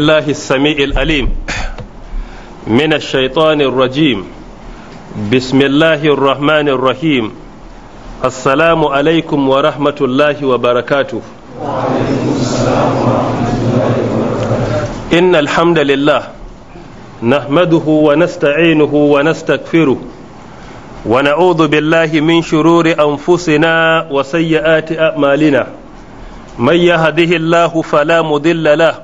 الله السميع الأليم من الشيطان الرجيم بسم الله الرحمن الرحيم السلام عليكم ورحمة الله وبركاته إن الحمد لله نحمده ونستعينه ونستغفره ونعوذ بالله من شرور أنفسنا وسيئات أعمالنا من يهده الله فلا مضل له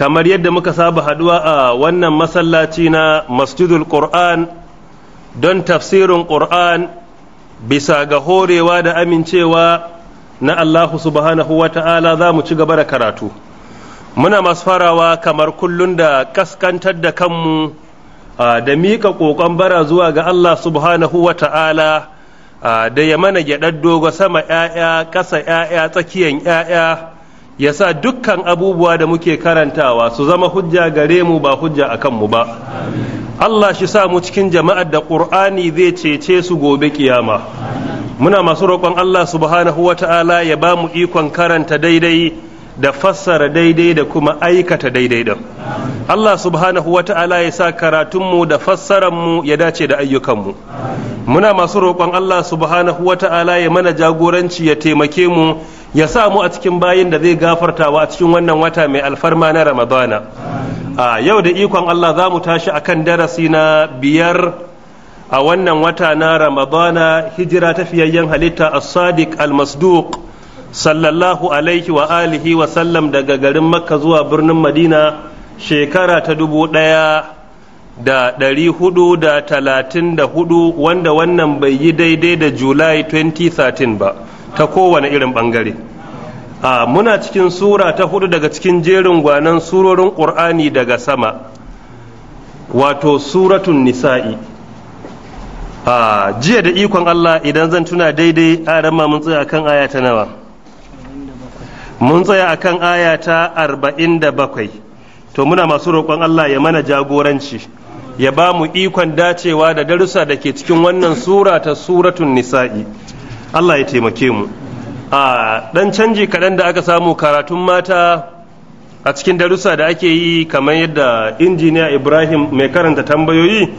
kamar yadda muka saba haduwa a wannan masallaci na masjidul qur'an don tafsirin qur'an bisa ga horewa da amincewa na allahu subhanahu wa ta'ala za mu ci gaba da karatu muna masu farawa kamar kullun da kaskantar da kanmu da miƙa ƙoƙon bara zuwa ga allah subhanahu wa ta'ala da ya mana gyaɗar dogo sama 'ya'ya ƙasa 'ya'ya tsakiyan 'ya'ya ya sa dukkan abubuwa da muke karantawa su zama hujja gare mu ba hujja a kanmu ba Allah shi sa mu cikin jama'ar da ƙur'ani zai cece su gobe kiyama muna masu roƙon Allah subhanahu wa ta'ala ya ba mu ikon karanta daidai da fassara daidai da kuma aikata daidai din Allah subhanahu wa ta'ala ya sa karatunmu da mu ya dace da ayyukanmu muna masu roƙon Allah subhanahu wa ta'ala ya mana jagoranci ya taimake mu ya sa mu a cikin bayin da zai gafartawa a cikin wannan wata mai alfarma na ramadana a yau da ikon Allah za mu tashi akan darasi na biyar a wannan wata na ramadana hijira ta fiyayyen halitta as-sadiq al-masduq sallallahu alaihi wa alihi wa sallam daga garin makka zuwa birnin madina shekara ta dubu ɗaya da ɗari hudu da talatin da hudu wanda wannan bai yi daidai da july 2013 ba ta kowane irin bangare a muna cikin sura ta hudu daga cikin jerin gwanan surorin qur'ani daga sama wato suratun nisa'i a jiya da ikon allah idan zan tuna daidai a rama mun tsaya kan aya ta nawa mun tsaya a akan aya ta bakwai, to muna masu roƙon Allah ya mana jagoranci ya ba mu ikon dacewa da darussa da ke cikin wannan sura ta suratun nisa'i Allah ya taimake mu a dan canji kaɗan da aka samu karatun mata a cikin darussa da ake yi kamar yadda injiniya ibrahim mai karanta tambayoyi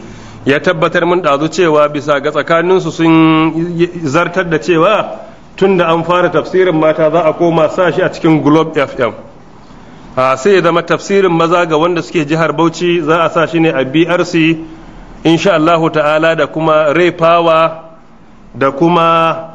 ya tabbatar mun ɗazu cewa bisa ga tsakaninsu sun zartar da cewa tun da an fara tafsirin mata za a koma sa shi a cikin globe fm a sai ya zama tafsirin maza ga wanda suke jihar bauchi za a sa shi ne a brc insha allahu ta'ala da kuma ray power da kuma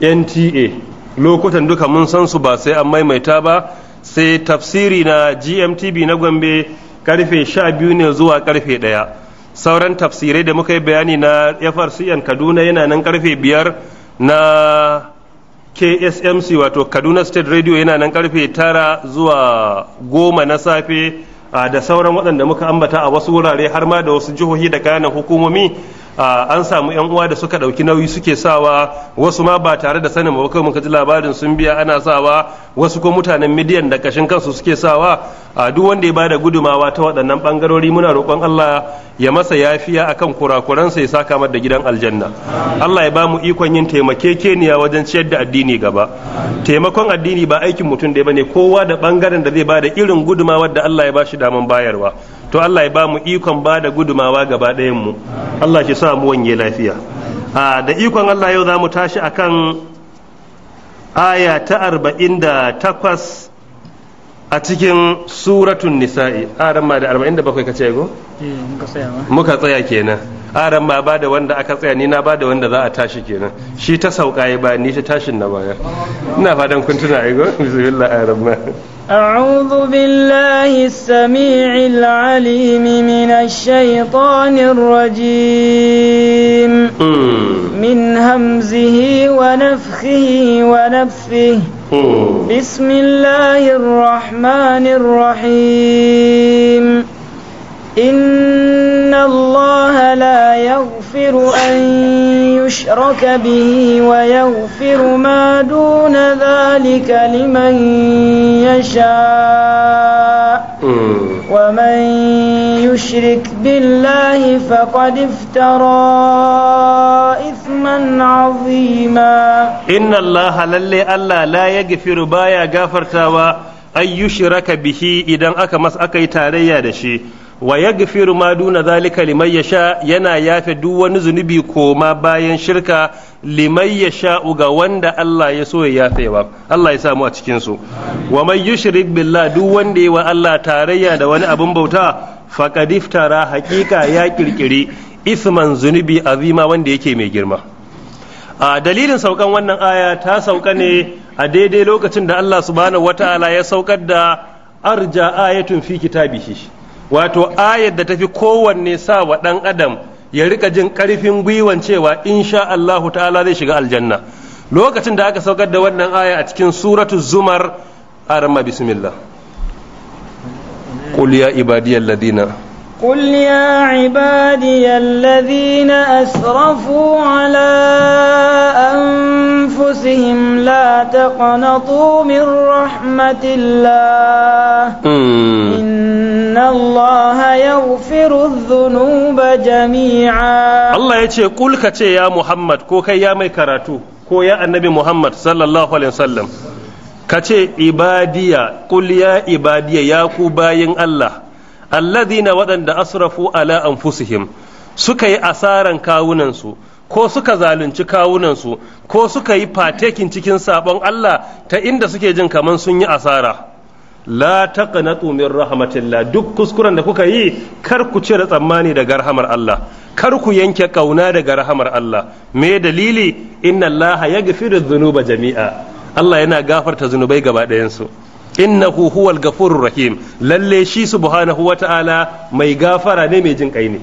nta lokutan duka mun san su ba sai an maimaita ba sai tafsiri na gmtb na gombe karfe sha biyu ne zuwa karfe ɗaya sauran tafsirai da muka yi bayani na frcn kaduna yana nan karfe biyar na ksmc wato kaduna state radio yana nan karfe tara zuwa goma na safe da sauran waɗanda muka ambata a wasu wurare har ma da wasu jihohi da kayanan hukumomi an samu yan uwa da suka dauki nauyi suke sawa wasu ma ba tare da sanin ba kai muka ji labarin sun biya ana sawa wasu ko mutanen midiyan da kashin kansu suke sawa duk wanda ya bada gudumawa ta waɗannan bangarori muna roƙon Allah ya masa yafiya akan sa ya saka mar da gidan aljanna Allah ya ba mu ikon yin taimakekeniya wajen ciyar da addini gaba taimakon addini ba aikin mutum da bane kowa da bangaren da zai bada irin gudumawa da Allah ya bashi damar bayarwa to Allah ya ba mu ikon ba da gudumawa gaba ɗayan mu Allah shi sa mu wanye lafiya a da ikon Allah yau za mu tashi akan aya ta arba'in da takwas a cikin suratun nisa'i aran ma da arba'in da bakwai ka go? Eh, muka tsaya kenan aran ma ba da wanda aka tsaya ni na ba da wanda za a tashi kenan shi ta sauka ya ba ni ta tashin na baya ina fadan kun tuna ai go bismillah aran rahman أعوذ بالله السميع العليم من الشيطان الرجيم من همزه ونفخه ونفثه بسم الله الرحمن الرحيم إن الله لا يغفر أن يشرك به ويغفر ما دون ذلك لمن يشاء ومن يشرك بالله فقد افترى إثما عظيما إن الله للي ألا لا يغفر بايا غفرتا أن يشرك به إذا أكمس أكي تاريا دشي wa yaghfiru ma duna zalika liman yasha yana yafe duk wani zunubi koma bayan shirka liman yasha ga wanda Allah ya so ya ba Allah ya samu a cikin su wa mai yushrik billah duk wanda yi wa Allah tarayya da wani abin bauta faqad iftara haqiqa ya kirkiri isman zunubi azima wanda yake mai girma a dalilin saukan wannan aya ta sauka ne a daidai lokacin da Allah subhanahu wataala ya saukar da arja ayatun fi kitabihi wato ayar da tafi kowanne sa wa ɗan adam ya rika jin ƙarfin gwiwan cewa insha Allahu ta'ala zai shiga aljanna lokacin da aka saukar da wannan aya a cikin suratu zumar arama bismillah qul ya ibadiyal ladina قل يا عبادي الذين أسرفوا على أنفسهم لا تقنطوا من رحمة الله Allah ya ce kulka ce ya Muhammad ko kai ya mai karatu ko ya annabi Muhammad sallallahu alaihi wasallam ka ce ibadiya kul ya ibadiya ya ku bayin Allah alladhina waɗanda asrafu ala anfusihim suka yi asaran kawunansu ko suka zalunci kawunansu ko suka yi fatekin cikin sabon Allah ta inda suke jin kamar sun yi asara. la taqnatu min rahmatillah duk kuskuren da kuka yi kar ku cire tsammani daga rahamar Allah kar ku yanke kauna daga rahamar Allah me dalili inna Allah yaghfiru dhunuba jami'a Allah yana gafarta zunubai gaba ɗayan su innahu huwal ghafurur rahim lalle shi subhanahu wata'ala mai gafara ne mai jin kai ne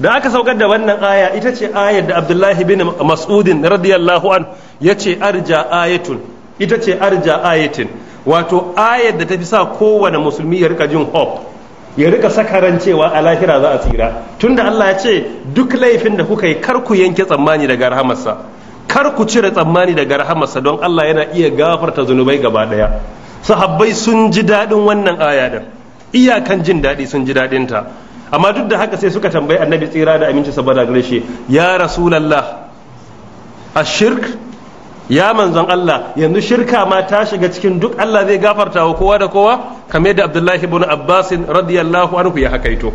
da aka saukar da wannan aya ita ce ayar da Abdullahi bin Mas'udin radiyallahu an yace arja ayatun ita ce arja ayatin wato ayar da ta fi sa kowane musulmi ya rika jin hope ya rika sakaran cewa a lahira za a tsira tunda Allah ya ce duk laifin da kuka yi kar ku yanke tsammani daga rahamarsa kar ku cire tsammani daga rahamarsa don Allah yana iya gafarta zunubai gaba daya sahabbai sun ji daɗin wannan aya din iyakan jin daɗi sun ji daɗin ta amma duk da haka sai suka tambayi annabi tsira da aminci saboda gare shi ya rasulullah ashirk ya manzon Allah yanzu shirka ma ta shiga cikin duk Allah zai gafarta wa kowa da kowa kamar yadda Abdullahi ibn Abbas radiyallahu anhu ya hakaito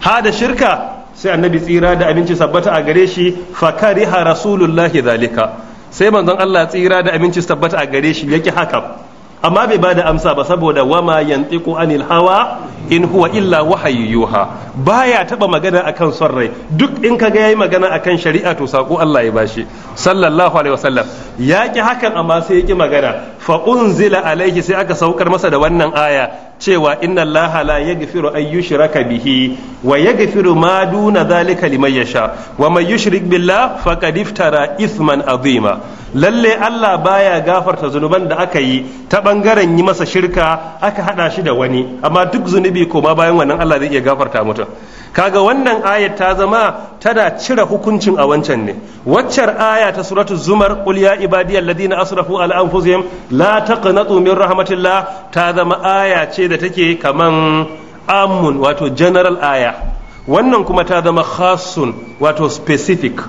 ha da shirka sai annabi tsira da abinci sabbata a gare shi fa fakariha rasulullahi zalika sai manzon Allah tsira da abinci sabbata a gare shi yake haka amma bai bada amsa ba saboda wama yantiqu anil hawa in huwa illa wahayi yuha baya taɓa magana akan son rai duk in kaga yayi magana akan shari'a to sako Allah ya bashi sallallahu alaihi wasallam ya ki hakan amma sai ya ki magana fa unzila alaihi sai aka saukar masa da wannan aya cewa inna allaha la yaghfiru an yushraka bihi wa yaghfiru ma duna zalika liman yasha wa may yushrik billah faqad iftara ithman azima lalle Allah baya gafarta zunuban da aka yi ta bangaren yi masa shirka aka hada shi da wani amma duk zunubi zunubi koma bayan wannan Allah zai iya gafarta mutum kaga wannan ayat ta zama tana cire hukuncin a wancan ne waccar aya ta suratul zumar qul ya ibadiyal ladina asrafu ala anfusihim la taqnatu min rahmatillah ta zama aya ce da take kaman amun wato general aya wannan kuma ta zama khassun wato specific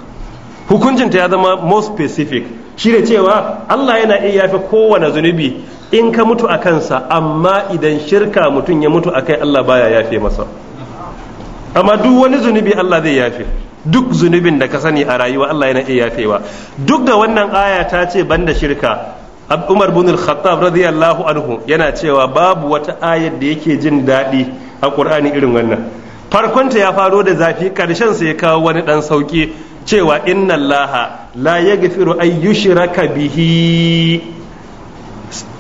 hukuncinta ya zama more specific shi da cewa Allah yana iya yafe kowane zunubi in ka mutu a kansa amma idan shirka mutum ya mutu a kai, Allah baya yafe masa amma duk wani zunubi Allah zai yafe duk zunubin da ka sani a rayuwa Allah yana iya yafewa duk da wannan aya ta ce banda shirka Umar bin Al-Khattab radiyallahu anhu yana cewa babu wata ayar da yake jin daɗi a Qur'ani irin wannan farkonta ya faro da zafi karshen sa ya kawo wani dan sauki cewa inna Laha, la yaghfiru ay yushraka bihi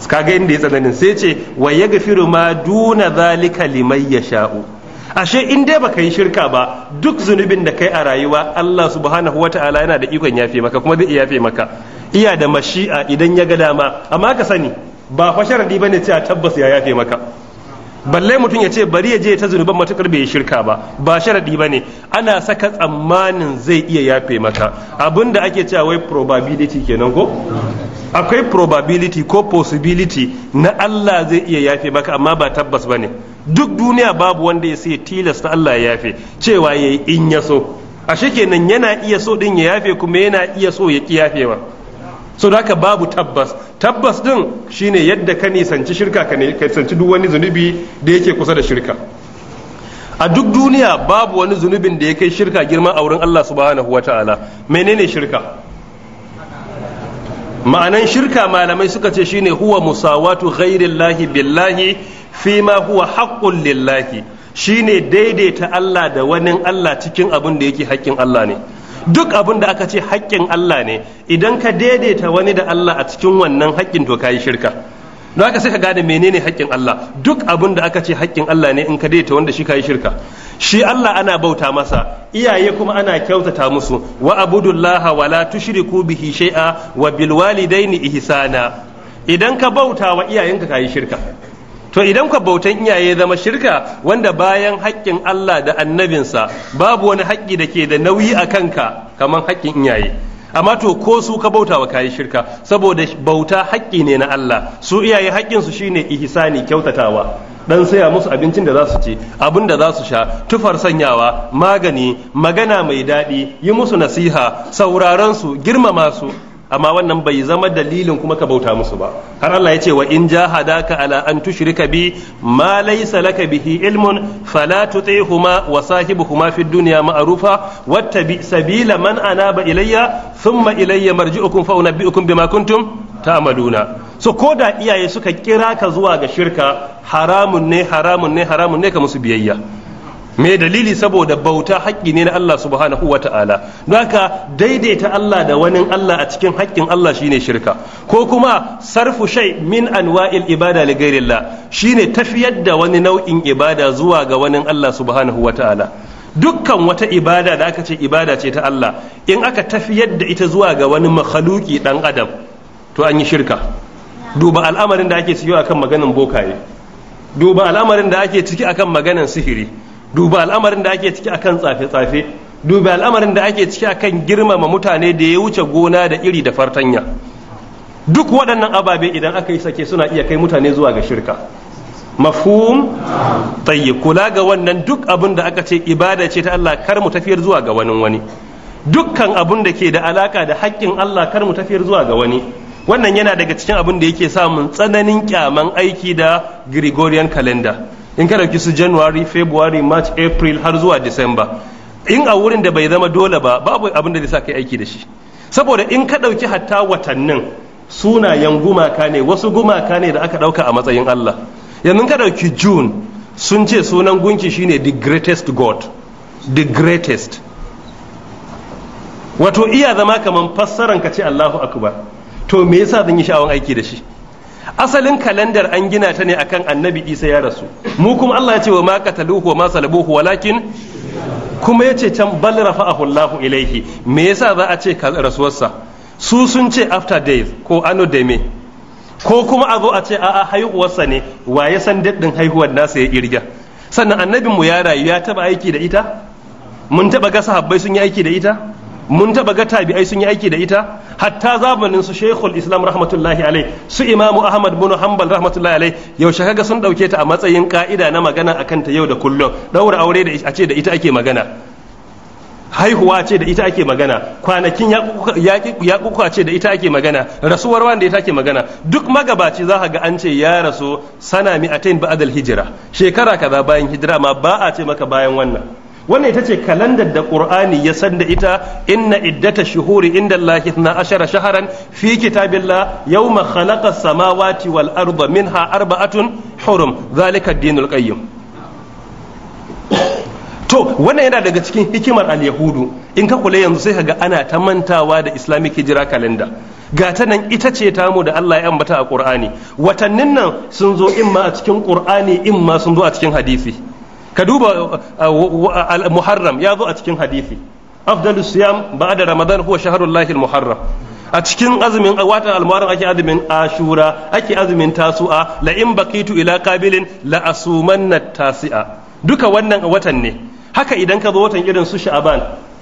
Ka ga inda ya tsananin sai ce wa ya gafiru ma duna zalika liman ya sha'u ashe in dai baka yi shirka ba duk zunubin da kai a rayuwa Allah subhanahu wata'ala yana da ikon yafe maka kuma zai yafe maka iya da mashi'a idan ya ga dama amma ka sani ba fa sharadi bane a tabbas ya yafe maka balle mutum ya ce bari ya je ta zunuban matukar bai shirka ba ba sharadi ba ne ana saka tsammanin zai iya yafe maka abinda ake cewa wai probability kenan ko akwai probability ko possibility na Allah zai iya yafe maka amma ba tabbas ba ne duk duniya babu wanda ya sai tilasta Allah ya yafe cewa yayi in ya so ashe kenan yana iya so din ya yafe kuma yana iya so ya ki yafewa so da haka babu tabbas tabbas din shine yadda ka nisanci shirka ka nisanci duk wani zunubi da yake kusa da shirka a duk duniya babu wani zunubin da ya kai shirka girma a wurin Allah subhanahu wa ta'ala menene shirka ma'anan shirka malamai suka ce shine huwa musawatu ghairillahi billahi fima huwa haqqun lillahi shine daidaita Allah da wani Allah cikin abin da yake hakkin Allah ne duk abin da aka ce haƙƙin Allah ne idan ka daidaita wani da Allah a cikin wannan haƙƙin to kayi shirka don haka sai ka gane menene haƙƙin Allah duk abin da aka ce haƙƙin Allah ne in ka daidaita wanda shi kayi shirka shi Allah ana bauta masa iyaye kuma ana kyautata musu wa abudullaha wa la tushriku bihi shay'a wa bil walidaini ihsana idan ka bauta wa iyayenka kayi shirka to idan ka bautan iyaye zama shirka wanda bayan haƙƙin Allah da annabinsa babu wani haƙƙi da ke da nauyi a kanka kamar haƙƙin iyaye amma to ko su ka bauta wa kayi shirka saboda bauta haƙƙi ne na Allah su iyaye haƙƙinsu shine ihsani kyautatawa dan saya musu abincin da za su ci abin da za su sha tufar sanyawa magani magana mai daɗi yi musu nasiha sauraron su girmama su amma wannan bai zama dalilin kuma ka bauta musu ba har Allah ya ce wa in jahadaka ala an tushrika bi ma laysa laka bihi ilmun fala tutihuma wa sahibuhuma fid dunya ma'rufa wattabi sabila man anaba ilayya thumma ilayya marji'ukum fa unabbi'ukum bima kuntum ta'maluna so ko da iyaye suka kira ka zuwa ga shirka haramun ne haramun ne haramun ne ka musu biyayya me dalili saboda bauta haƙƙi ne na Allah subhanahu wa ta'ala don haka daidaita Allah da wani Allah a cikin haƙƙin Allah shine shirka ko kuma sarfu shay min anwa'il ibada li ghairillah shine tafiyar da wani nau'in ibada zuwa ga wani Allah subhanahu wa ta'ala dukkan wata ibada da aka ce ibada ce ta Allah in aka tafiyar da ita zuwa ga wani makhaluki dan adam to an yi shirka duba al'amarin da ake ciki akan maganin bokaye duba al'amarin da ake ciki akan maganin sihiri duba al'amarin da ake ciki akan tsafe-tsafe duba al'amarin da ake ciki akan girmama mutane da ya wuce gona da iri da fartanya duk waɗannan ababe idan aka yi sake suna iya kai mutane zuwa ga shirka mafhum tayyib kula ga wannan duk abin da aka ce ibada ce ta Allah kar mu tafiyar zuwa ga wani wani dukkan abin da ke da alaka da haƙƙin Allah kar mu tafiyar zuwa ga wani wannan yana daga cikin abin da yake samun tsananin kyaman aiki da Gregorian calendar in ka dauki su january february march april har zuwa december in a wurin da bai zama dole ba babu abin da zai sa kai aiki da shi saboda in ka dauki hatta watannin sunayen gumaka ne wasu gumaka ne da aka dauka a matsayin Allah yanzu ka dauki june sun ce sunan gunki shine the greatest god the greatest wato iya zama kaman fassaran ka ce Allahu akbar to me yasa zan yi sha'awan aiki da shi asalin kalandar an gina ta ne akan annabi isa ya rasu mu kuma allah ya ce wa ma qataluhu wa ma salabuhu walakin kuma yace can bal a hulahu ilaihi me yasa za a ce rasuwarsa su sun ce after days ko ano da me ko kuma a zo a ce a'a haihuwarsa ne Wa ya san daddin haihuwar nasa ya kirga sannan annabinmu ya rayu ya taba aiki da ita mun taba ga sahabbai sun yi aiki da ita mun taba ga tabi'ai sun yi aiki da ita hatta zamanin su shekul islam rahmatullahi alai su imamu ahmad bin hanbal rahmatullahi alai yaushe kaga sun dauke ta a matsayin ka'ida na magana akan ta yau da kullum daura aure da a ce da ita ake magana haihuwa ce da ita ake magana kwanakin ya kuka ce da ita ake magana rasuwar wanda ita ake magana duk magabaci za ga an ce ya rasu sana mi'atain ba'dal hijira shekara kaza bayan hijira ma ba a ce maka bayan wannan wannan ita ce kalandar da qur'ani ya san da ita inna iddata shuhuri inda allahi na ashara shaharan fi kitabillah yawma khalaqa samawati wal arda minha arba'atun hurum zalika dinul qayyim to wannan yana daga cikin hikimar al-yahudu in ka kula yanzu sai kaga ana ta mantawa da islamic hijira kalanda gata nan ita ce tamu da Allah ya ambata a Qur'ani watannin nan sun zo imma a cikin Qur'ani imma sun zo a cikin hadisi ka duba uh, uh, uh, muharram ya zo a cikin hadisi afdalu siyam ba'da ramadan huwa al muharram a cikin azumin watan Al-Muharram ake azumin ashura ake azumin tasu'a la in baqitu ila qabilin la asumanna tasi'a duka wannan watan ne haka idan ka zo watan irin su sha'aban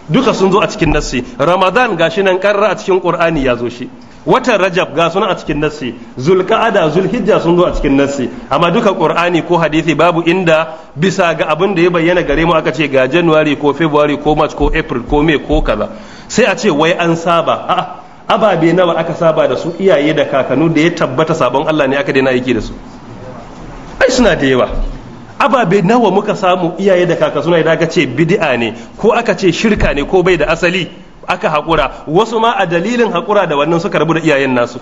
duka sun zo a cikin nassi ramadan gashi nan karra a cikin qur'ani ya zo shi watan rajab ga suna a cikin nassi zulka'ada zulhijja sun zo a cikin nassi amma duka qur'ani ko hadisi babu inda bisa ga abin da ya bayyana gare mu aka ce ga january ko february ko march ko april ko may ko kaza sai a ce wai an saba a'a ababe nawa aka saba da su iyaye da kakanu da ya tabbata sabon Allah ne aka daina aiki da su ai suna da yawa ababe nawa muka samu iyaye da kaka suna idan aka ce bid'a ne ko aka ce shirka ne ko bai da asali aka haƙura wasu ma a dalilin haƙura da wannan suka rabu iyayen nasu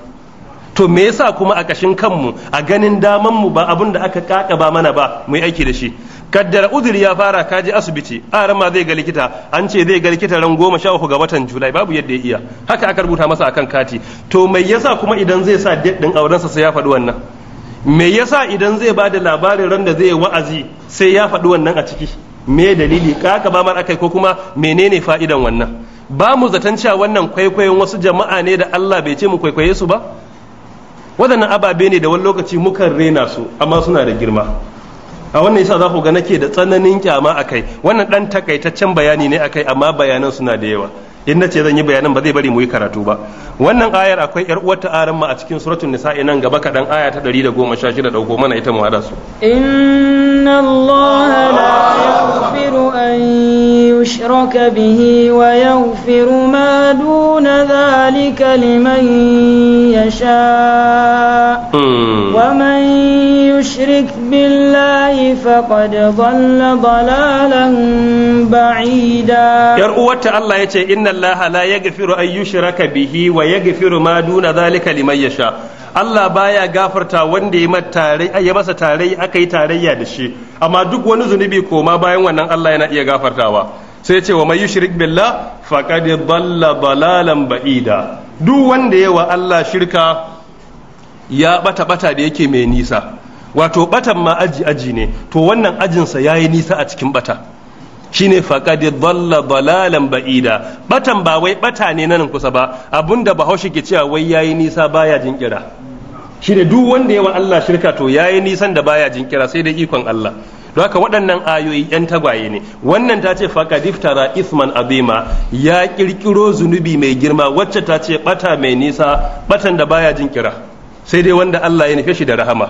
to me yasa kuma a kashin kanmu a ganin daman mu ba abin da aka kakaba mana ba mu yi aiki da shi kaddara uzuri ya fara ka je asibiti aran ma zai ga likita an ce zai ga likita ran goma sha uku ga watan julai babu yadda ya iya haka aka rubuta masa akan kati to me yasa kuma idan zai sa date din aurensa sai ya faɗi wannan me yasa idan zai ba da labarin ran da zai wa'azi sai ya faɗi wannan a ciki me dalili kaka ba mar akai ko kuma menene fa'idan wannan ba mu zaton cewa wannan kwaikwayon wasu jama'a ne da Allah bai ce mu kwaikwaye su ba waɗannan ababe ne da wani lokaci mukan rena su amma suna da girma a wannan yasa za ku ga nake da tsananin kyama akai wannan dan takaitaccen bayani ne akai amma bayanan suna da yawa in ce zan yi bayanan ba zai bari mu yi karatu ba wannan ayar akwai yar uwar ta aran ma a cikin suratul nisa'i nan gaba kadan aya ta 116 dauko mana ita mu hada su inna allaha la yaghfiru an yushraka bihi wa yaghfiru ma duna zalika liman yasha hmm. wa man يشرك بالله فقد ضل ضلالا بعيدا ير uwarta Allah yace inna Allah la yaghfiru an yushraka bihi wa yaghfiru ma duna zalika liman yasha Allah baya gafarta wanda ya masa tarayya aka yi tarayya da shi amma duk wani zunubi koma bayan wannan Allah yana iya gafartawa sai ce wa mai yushrik billah faqad dalla dalalan ba'ida duk wanda yawa Allah shirka ya bata bata da yake mai nisa wato batan ma aji aji ne to wannan ajinsa ya yi nisa a cikin bata shine faqad dhalla dalalan ba'ida batan ba wai bata ne nan kusa ba abun da bahaushe ke cewa wai yayi nisa baya jinkira shine duk wanda yawa Allah shirka to ya yi nisan da baya jinkira sai da ikon Allah don haka waɗannan ayoyi yan tagwaye ne wannan ta ce faqad iftara isman abima ya kirkiro zunubi mai girma wacce ta ce bata mai nisa batan da baya jinkira sai dai wanda Allah ya nufe shi da rahama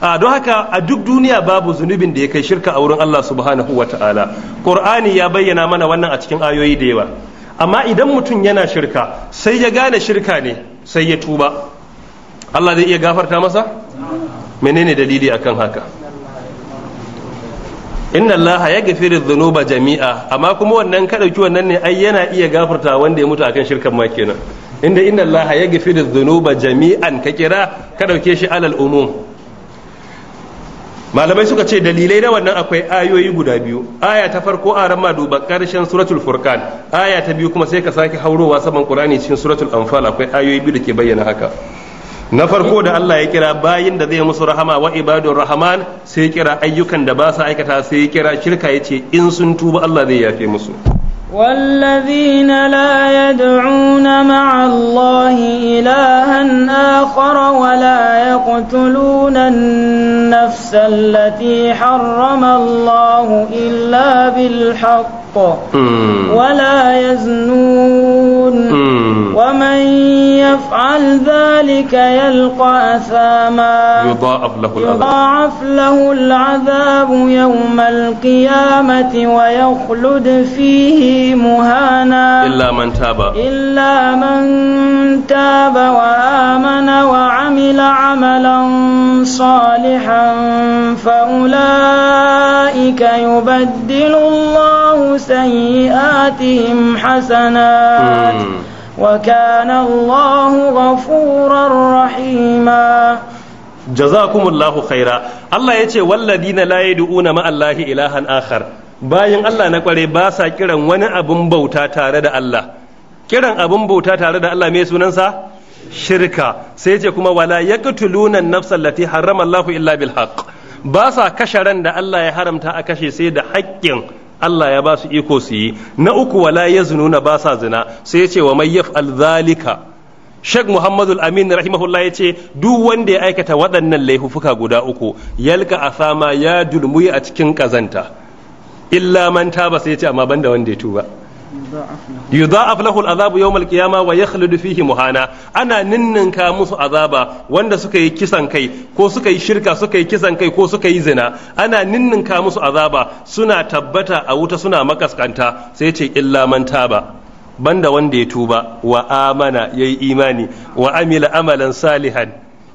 a don haka a duk duniya babu zunubin da ya kai shirka a wurin Allah subhanahu wa ta'ala qur'ani ya bayyana mana wannan a cikin ayoyi da yawa amma idan mutum yana shirka sai ya gane shirka ne sai ya tuba Allah zai iya gafarta masa menene dalili akan haka inna allaha yaghfiru dhunuba jami'a amma kuma wannan ka dauki wannan ne ai yana iya gafarta wanda ya mutu akan shirkan ma kenan inda inna allaha yaghfiru dhunuba jami'an ka kira ka dauke shi alal umum malamai suka ce dalilai na wannan akwai ayoyi guda biyu aya ta farko a ran duba karshen suratul furqan aya ta biyu kuma sai ka sake haurowa saman qur'ani cikin suratul anfal akwai ayoyi biyu da ke bayyana haka na farko da Allah ya kira bayin da zai musu rahama wa ibadur rahman sai kira ayyukan da ba su aikata sai kira shirka yace in sun tuba Allah zai yafe musu والذين لا يدعون مع الله إلها آخر ولا يقتلون النفس التي حرم الله إلا بالحق ولا يزنون ومن يفعل ذلك يلقى أثاما يضاعف له العذاب يضاعف له العذاب يوم القيامة ويخلد فيه مهانا إلا من تاب إلا من تاب وآمن وعمل عملا صالحا فأولئك يبدل الله سيئاتهم حسنات وكان الله غفورا رحيما جزاكم الله خيرا الله يتي والذين لا يدعون مع الله إلها آخر bayan Allah na kware ba sa kiran wani abun bauta tare da Allah kiran abun bauta tare da Allah mai sunansa shirka sai ce kuma wala yaqtuluna an-nafsa allati harrama Allah illa bil haqq ba sa kashe ran da Allah ya haramta a kashe sai da haƙƙin Allah ya ba su iko su yi na uku wala yaznuna ba sa zina sai ya ce wa mayyaf alzalika Sheikh Muhammadu Amin rahimahullah ya ce duk wanda ya aikata waɗannan laifuka guda uku yalka a asama ya dulmuyi a cikin kazanta illa man taba sai ya ce amma banda wanda ya tuba yudha'af lahu al'azabu yawm al-qiyama wa yakhludu fihi muhana ana ninninka musu azaba wanda suka yi kisan kai ko suka yi shirka suka yi kisan kai ko suka yi zina ana ninninka musu azaba suna tabbata a wuta suna makaskanta sai ce illa man taba banda wanda ya tuba wa amana yayi imani wa amila amalan salihan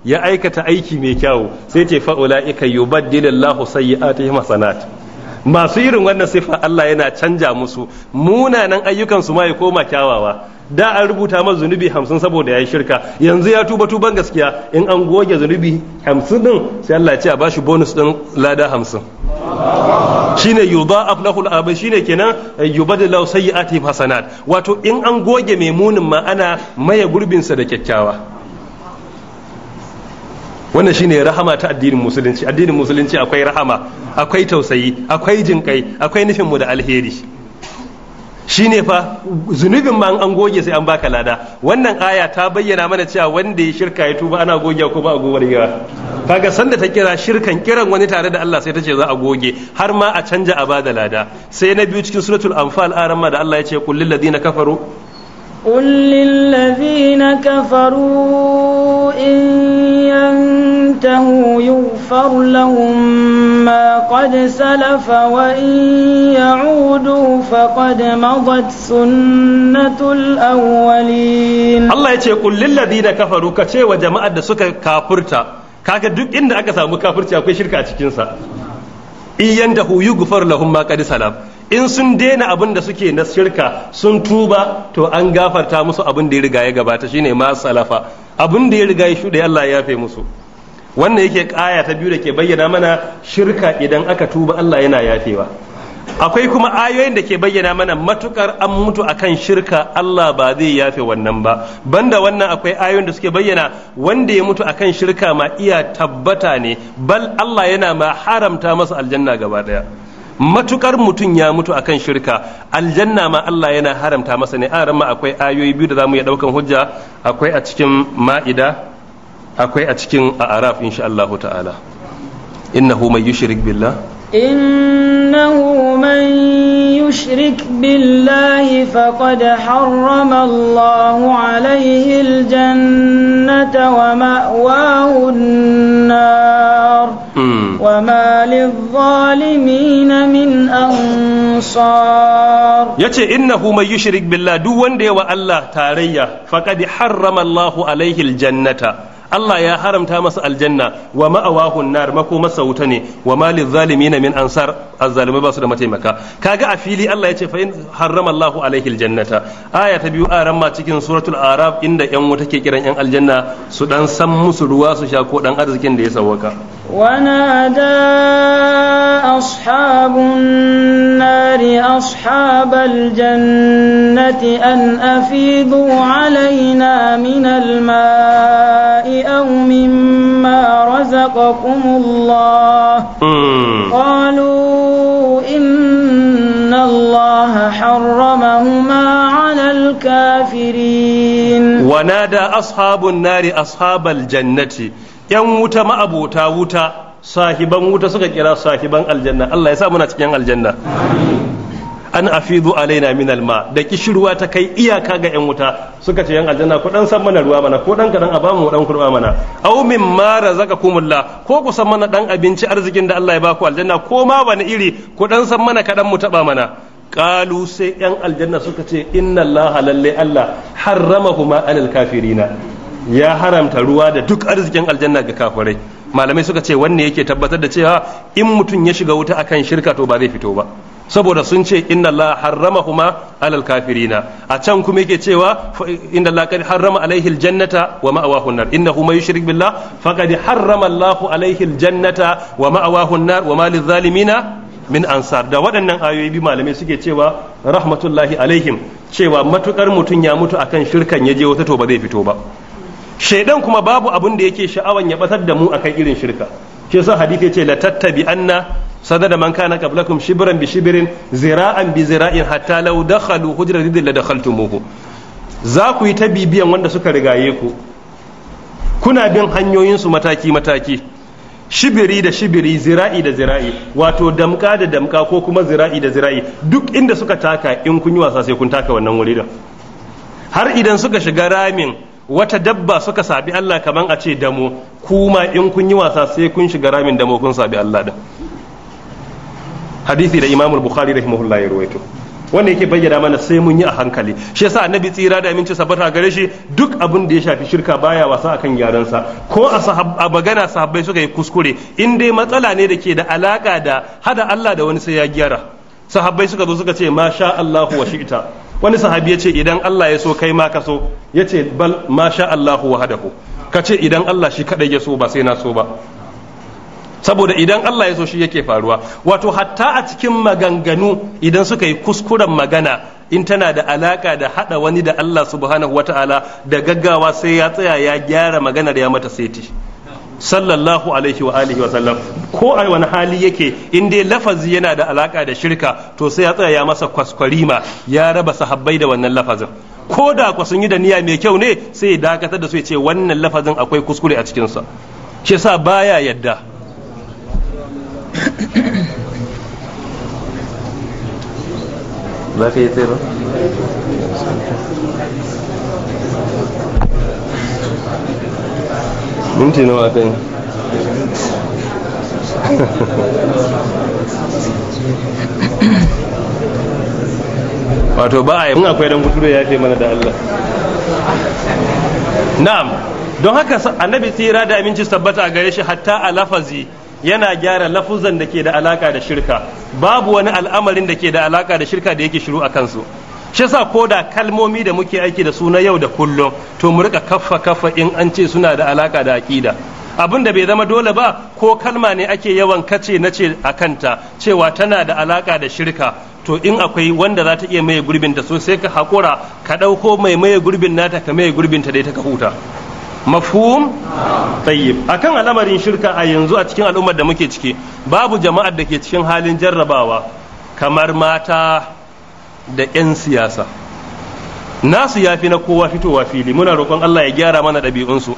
ya aikata aiki mai kyau sai ce fa ulaika yubaddilu Allahu sayyi'atihim hasanat masu irin wannan sifa Allah yana canja musu munanan ayyukan su ma ya koma kyawawa da an rubuta masa zunubi hamsin saboda ya yi shirka yanzu ya tuba tuban gaskiya in an goge zunubi hamsin din sai Allah ya ce a bashi bonus din lada hamsin shine yudha'af lahu al shine kenan yubadilu sayyi'ati hasanat wato in an goge mai munin ma ana maye gurbin sa da kyakkyawa wannan shine rahama ta addinin musulunci addinin musulunci akwai rahama akwai tausayi akwai jinkai akwai nufin mu da alheri shine fa zunubin ma an goge sai an baka lada wannan aya ta bayyana mana cewa wanda ya shirka ya tuba ana goge ko ba a gobar yawa kaga sanda ta kira shirkan kiran wani tare da Allah sai ta ce za a goge har ma a canja a bada lada sai na biyu cikin suratul anfal aran ma da Allah ya ce kullil ladina kafaru قل للذين كفروا إن ينتهوا يغفر لهم ما قد سلف وإن يعودوا فقد مضت سنة الأولين الله يقول قل للذين كفروا كتي وجماعة دسوك كافرتا kaga duk inda aka samu kafirci akwai shirka a cikinsa in yantahu yugfar lahum ma qad salaf in sun daina abin da suke na shirka sun tuba to an gafarta musu abin da ya riga ya gabata shine ma salafa abin da ya riga ya shuɗe Allah ya yafe musu wannan yake kaya ta biyu da ke bayyana mana shirka idan aka tuba Allah yana yafewa akwai kuma ayoyin da ke bayyana mana matukar an mutu akan shirka Allah ba zai yafe wannan ba banda wannan akwai ayoyin da suke bayyana wanda ya mutu akan shirka ma iya tabbata ne bal Allah yana ma haramta masa aljanna gaba daya matukar mutum ya mutu akan shirka aljanna ma Allah yana haramta masa ne aran ma akwai ayoyi biyu da zamu iya daukan hujja akwai a cikin ma'ida akwai a cikin a'raf insha Allah ta'ala innahu may yushrik billah innahu man yushrik billahi faqad harrama Allah alayhi aljannata wa ma'wahu an-nar hmm. وما للظالمين من أنصار يتي إنه من يشرك بالله دو وندي والله تاريا فقد حرم الله عليه الجنة Allah ya haramta masa aljanna wa ma'awahun nar mako masa wuta ne wa malil zalimin min ansar azzalimai ba su da mataimaka kaga a fili Allah ya ce fa in harrama Allahu alaihi aljannata aya ta biyu aran ma cikin suratul araf inda yan wata ke kiran yan aljanna su dan san musu ruwa su sha ko dan arzikin da ya sawaka ونادى أصحاب النار أصحاب الجنة أن أفيضوا علينا من الماء أو مما رزقكم الله قالوا إن الله حرمهما على الكافرين ونادى أصحاب النار أصحاب الجنة 'yan wuta ma'abota wuta sahiban wuta suka kira sahiban aljanna Allah ya sa muna cikin aljanna an afidu alaina min alma da kishirwa ta kai iyaka ga 'yan wuta suka ce 'yan aljanna ku dan san mana ruwa mana ko dan kadan a bamu dan kurma mana aw mimma razaqakumullah ko ku san mana dan abinci arzikin da Allah ya baku aljanna ko ma wani iri ku dan san mana kadan mu taba mana ƙalu sai 'yan aljanna suka ce inna Allah lalle Allah harramahuma alal kafirina ya haramta ruwa da duk arzikin aljanna ga kafirai malamai suka ce wanne yake tabbatar da cewa in mutum ya shiga wuta akan shirka to ba zai fito ba saboda sun ce inna Allah harrama huma alal kafirina a can kuma yake cewa inna Allah kad harrama alaihi aljannata wa ma'awahu nar innahu may yushrik billah faqad harrama Allah alaihi aljannata wa ma'awahu nar wa ma zalimina min ansar da waɗannan ayoyi bi malamai suke cewa rahmatullahi alaihim cewa matukar mutum ya mutu akan shirkan ya je wata to ba zai fito ba shaidan kuma babu abin da yake sha'awan ya batar da mu akan irin shirka shi yasa hadisi yace la tattabi anna sadada da man kana qablakum shibran bi shibrin zira'an bi zira'in hatta law dakhalu hujra la dakhaltumuhu za ku yi ta bibiyan wanda suka rigaye ku kuna bin hanyoyinsu mataki mataki shibiri da shibiri zira'i da zira'i wato damka da damka ko kuma zira'i da zira'i duk inda suka taka in kun yi wasa sai kun taka wannan wuri har idan suka shiga ramin wata dabba suka sabi Allah kaman a ce damo kuma in kun yi wasa sai kun shiga ramin damo kun sabi Allah din hadisi da Imamul Bukhari rahimahullah ya ruwaito wanda yake bayyana mana sai mun yi a hankali shi yasa annabi tsira da aminci sabata gare shi duk abin da ya shafi shirka baya wasa akan gyaransa ko a a magana sahabbai suka yi kuskure in dai matsala ne da ke da alaka da hada Allah da wani sai ya gyara sahabbai suka zo suka ce ma sha Allahu wa shi'ta wani sahabi ya ce idan Allah ya so kai ma ka so ya ce bal ma sha Allahu wa hadahu ka ce idan Allah shi kadai ya so ba sai na so ba saboda idan Allah ya so shi yake faruwa wato hatta a cikin maganganu idan suka yi kuskuren magana in tana da alaka da hada wani da Allah subhanahu wataala da gaggawa sai ya tsaya ya gyara maganar ya mata saiti sallallahu alaihi wa alihi wa sallam ko a wani hali yake in dai lafazi yana da alaka da shirka to sai ya tsaya ya masa kwaskwarima ya raba sahabbai da wannan lafazin ko da ku sun yi da niyya mai kyau ne sai ya dakatar da su ya ce wannan lafazin akwai kuskure a cikin sa shi sa baya yadda ba minti nawa kai wato ba a yi akwai don kuturu ya ce mana da Allah na'am don haka annabi tsira da aminci tabbata a gare shi hatta a lafazi yana gyara lafuzan da ke da alaka da shirka babu wani al'amarin da ke da alaka da shirka da yake shiru a kansu shi sa ko da kalmomi da muke aiki da suna yau da kullum to mu rika kaffa kaffa in an ce suna da alaka da aƙida abin da bai zama dole ba ko kalma ne ake yawan kace na ce a kanta cewa tana da alaka da shirka to in akwai wanda za ta iya maye gurbin ta so sai ka hakura ka ɗauko mai maye gurbin nata ka maye gurbin ta dai ta ka huta mafhum tayyib akan al'amarin shirka a yanzu a cikin al'ummar da muke ciki babu jama'ar da ke cikin halin jarrabawa kamar mata da 'yan siyasa nasu ya fi na kowa fitowa fili muna roƙon Allah ya gyara mana ɗabi'unsu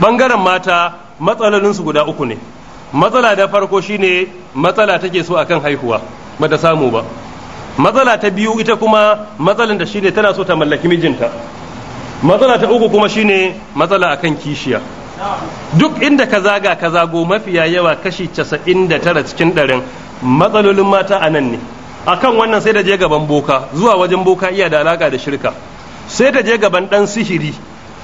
ɓangaren mata matsalolinsu guda uku ne matsala da farko shine matsala take so akan haihuwa bata samu ba matsala ta biyu ita kuma matsalin da shine tana so ta mallaki mijinta matsala ta uku kuma shine matsala akan kishiya duk inda ka zaga ka zago mafiya yawa kashi 99 cikin ɗarin matsalolin mata a nan ne akan wannan sai ta je gaban boka zuwa wajen boka iya da alaka da shirka sai ta je gaban dan sihiri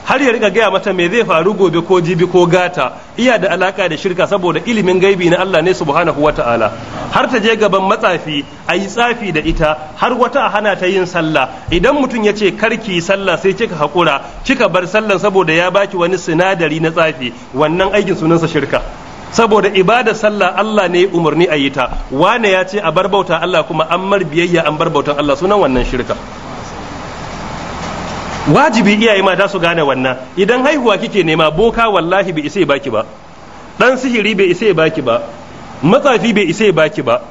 har ya rika gaya mata me zai faru gobe ko jibi ko gata iya da alaka da shirka saboda ilimin gaibi na Allah ne subhanahu wataala har ta je gaban matsafi a yi tsafi da ita har wata a hana ta yin sallah idan mutum ya ce karki sallah sai kika hakura kika bar sallan saboda ya baki wani sinadari na tsafi wannan aikin sunansa shirka saboda ibada sallah Allah ne umarni a yi ta wane ya ce a bar bauta Allah kuma an mar biyayya an bar bauta Allah sunan wannan shirka wajibi iyaye mata su gane wannan idan haihuwa kike nema boka wallahi bai isai baki ba dan sihiri bai isai baki ba matsafi bai isa baki ba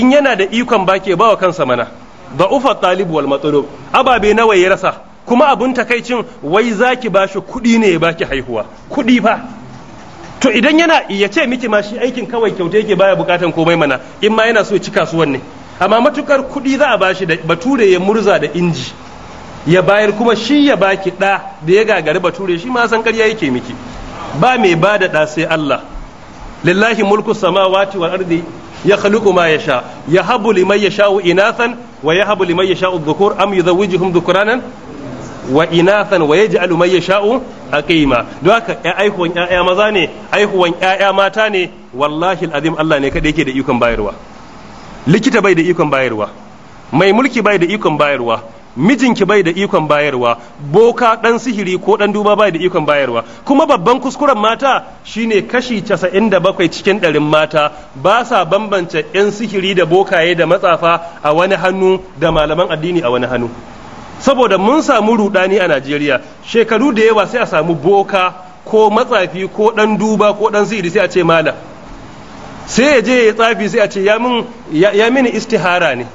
in yana da ikon baki ba wa kansa mana da ufa talib wal matsalub ababe nawa ya rasa kuma abun takaicin wai zaki bashi kuɗi ne ya baki haihuwa kuɗi fa to idan yana ya ce miki ma shi aikin kawai kyauta yake baya bukatan komai mana in ma yana so ya ci kasuwan ne amma matukar kuɗi za a bashi da bature ya murza da inji ya bayar kuma shi ya baki ɗa da ya gagari bature shi ma san ƙarya yake miki ba mai ba da ɗa sai Allah lillahi mulku samawati wal ardi ya khaluqu ma yasha yahabu liman yasha'u inathan wa yahabu liman yasha'u dhukur am yuzawwijuhum dhukranan wa inathan wa yaj'alu man yasha'u aqima don haka ya aihuwan 'ya'ya maza ne aihuwan 'ya'ya mata ne wallahi alazim Allah ne kada yake da ikon bayarwa likita bai da ikon bayarwa mai mulki bai da ikon bayarwa mijinki bai da ikon bayarwa boka dan sihiri ko dan duba bai da ikon bayarwa kuma babban kuskuren mata shine kashi 97 cikin ɗarin mata ba sa bambance yan sihiri da bokaye da matsafa a wani hannu da malaman addini a wani hannu saboda mun samu rudani a Najeriya shekaru da yawa sai a samu boka ko matsafi ko dan duba ko dan sihiri sai a ce malam sai ya je ya tsafi sai a ce ya min ya mini istihara ne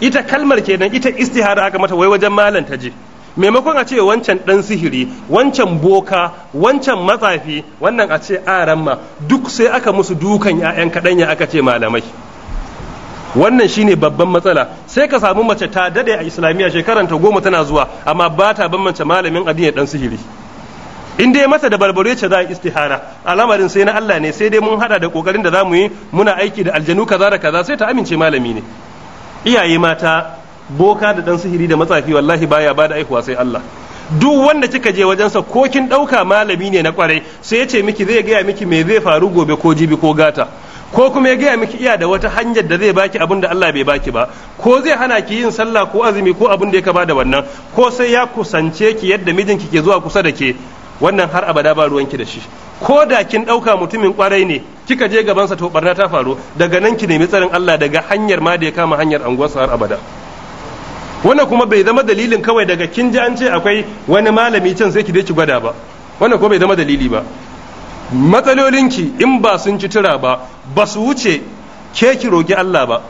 ita kalmar kenan ita istihara aka mata wai wajen malam ta je maimakon a ce wancan dan sihiri wancan boka wancan matsafi wannan a ce aramma duk sai aka musu dukan 'ya'yan ya aka ce malamai wannan shine babban matsala sai ka samu mace ta dade a islamiyya shekaran ta goma tana zuwa amma ba ta mace malamin addini dan sihiri in dai mata da barbare ce za a istihara alamarin sai na Allah ne sai dai mun hada da kokarin da zamu yi muna aiki da aljanu kaza da kaza sai ta amince malami ne iyaye mata boka da dan sihiri da matsafi wallahi baya bada aihuwa sai Allah duk wanda kika je wajensa ko kin dauka malami ne na kwarai sai ya ce miki zai gaya miki me zai faru gobe ko jibi ko gata ko kuma ya gaya miki iya da wata hanyar da zai baki abin da Allah bai baki ba ko zai hana ki yin sallah ko azumi ko abin da ya kaba da wannan ko sai ya kusance ki yadda mijinki ke zuwa kusa da ke wannan har abada ba ruwanki da shi ko da kin ɗauka mutumin kwarai ne kika je gabansa to barna ta faru daga nan ki nemi tsarin Allah daga hanyar ma da ya kama hanyar anguwarsa har abada wannan kuma bai zama dalilin kawai daga kin ji an ce akwai wani malami can sai ki je ki gwada ba wannan kuma bai zama dalili ba matsalolinki in ba sun ci tura ba ba su wuce ke ki roƙi Allah ba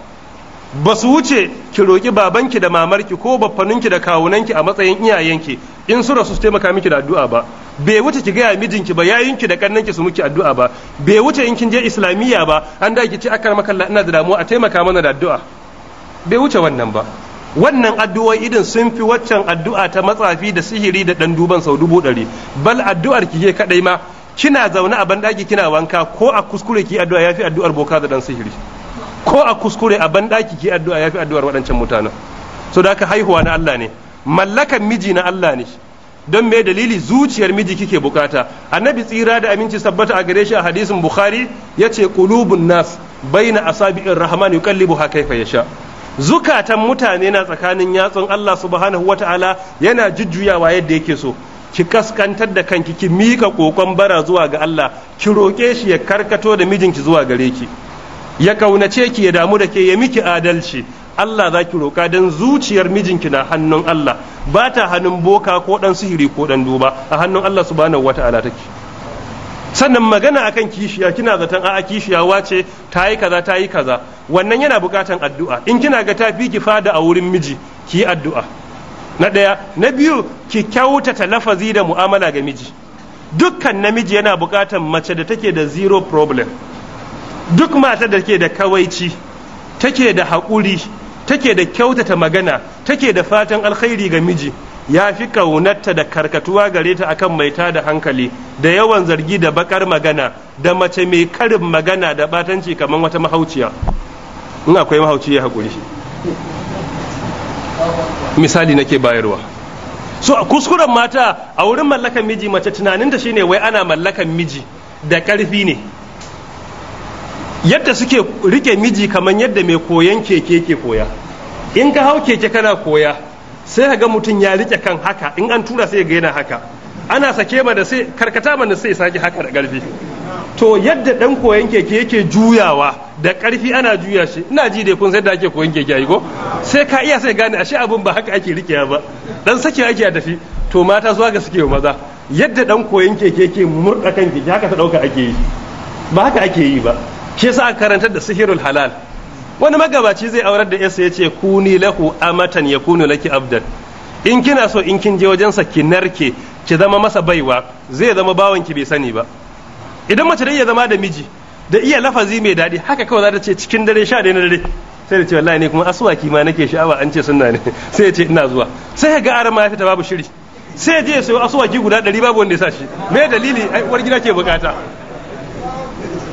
ba su wuce ki roƙi babanki da mamarki ko baffaninki da kawunanki a matsayin iyayenki in su rasu su taimaka miki da addu'a ba bai wuce ki gaya mijinki ba yayinki da kannanki su miki addu'a ba bai wuce in kin je islamiyya ba an da ci ce akar makalla ina da damuwa a taimaka mana da addu'a bai wuce wannan ba wannan addu'o'i idin sun fi waccan addu'a ta matsafi da sihiri da dan duban sau dubu ɗari bal addu'ar ki ke kadai ma kina zaune a banɗaki kina wanka ko a kuskure ki addu'a yafi addu'ar boka da dan sihiri ko a kuskure a banɗaki ki addu'a yafi addu'ar waɗancan mutanen so da haka haihuwa na Allah ne mallakan miji na Allah ne don me dalili zuciyar miji kike bukata annabi tsira da aminci sabbata a gare shi a hadisin bukhari yace qulubun nas baina asabi'ir rahman yuqallibu ha kaifa yasha zukatan mutane na tsakanin yatsun Allah subhanahu wataala yana jujjuyawa yadda yake so ki kaskantar da kanki ki mika kokon bara zuwa ga Allah ki roƙe shi ya karkato da mijinki zuwa gare ki ya kaunace ki ya damu da ke ya miki adalci Allah za ki roƙa don zuciyar mijinki na hannun Allah ba ta hannun boka ko ɗan sihiri ko ɗan duba a hannun Allah subhanahu wata'ala take sannan magana akan kishiya kina zaton a'a kishiya wace ta yi kaza ta yi kaza wannan yana bukatan addu'a in kina ga tafi ki fada a wurin miji ki yi addu'a na ɗaya na biyu ki kyautata lafazi da mu'amala ga miji dukkan namiji yana buƙatar mace da take da zero problem duk mata da take da kawaici take da haƙuri take da kyautata magana take da fatan alkhairi ga miji ya fi ƙaunarta da karkatuwa gare ta akan mai ta da hankali da yawan zargi da bakar magana da mace mai karin magana da batanci kamar wata mahauciya in akwai mahauci ya haƙuri misali nake bayarwa so a kuskuren mata a wurin mallakan miji mace tunanin tunaninta shine wai ana mallakan miji da ƙarfi ne yadda suke rike miji kamar yadda mai koyan keke ke koya in ka hau keke kana koya sai ka ga mutum ya rike kan haka in an tura sai ga yana haka ana sake ba da sai karkata ba da sai sake haka da ƙarfi to yadda dan koyon keke yake juyawa da ƙarfi ana juya shi ina ji dai kun sai da ake koyon keke ayi ko sai ka iya sai gane ashe abin ba haka ake rikewa ba dan sake ake a tafi to mata zuwa ga suke maza yadda dan koyon keke yake murɗa kan keke haka ta ɗauka ake yi ba haka ake yi ba ke sa karantar da sihirul halal wani magabaci zai aurar da yasa ya ce kuni lahu amatan ya kunu laki abdan in kina so in kin je wajensa ki narke ki zama masa baiwa zai zama bawan ki bai sani ba idan mace da iya zama da miji da iya lafazi mai daɗi haka kawai za ta ce cikin dare sha ɗaya na dare sai da ce wallahi ne kuma asuwaki ma nake sha'awa an ce sunna ne sai ya ce ina zuwa sai ya ga ara ma ya fita babu shiri sai ya je ya sayo asuwaki guda ɗari babu wanda ya sa shi me dalili ai uwar gida ke bukata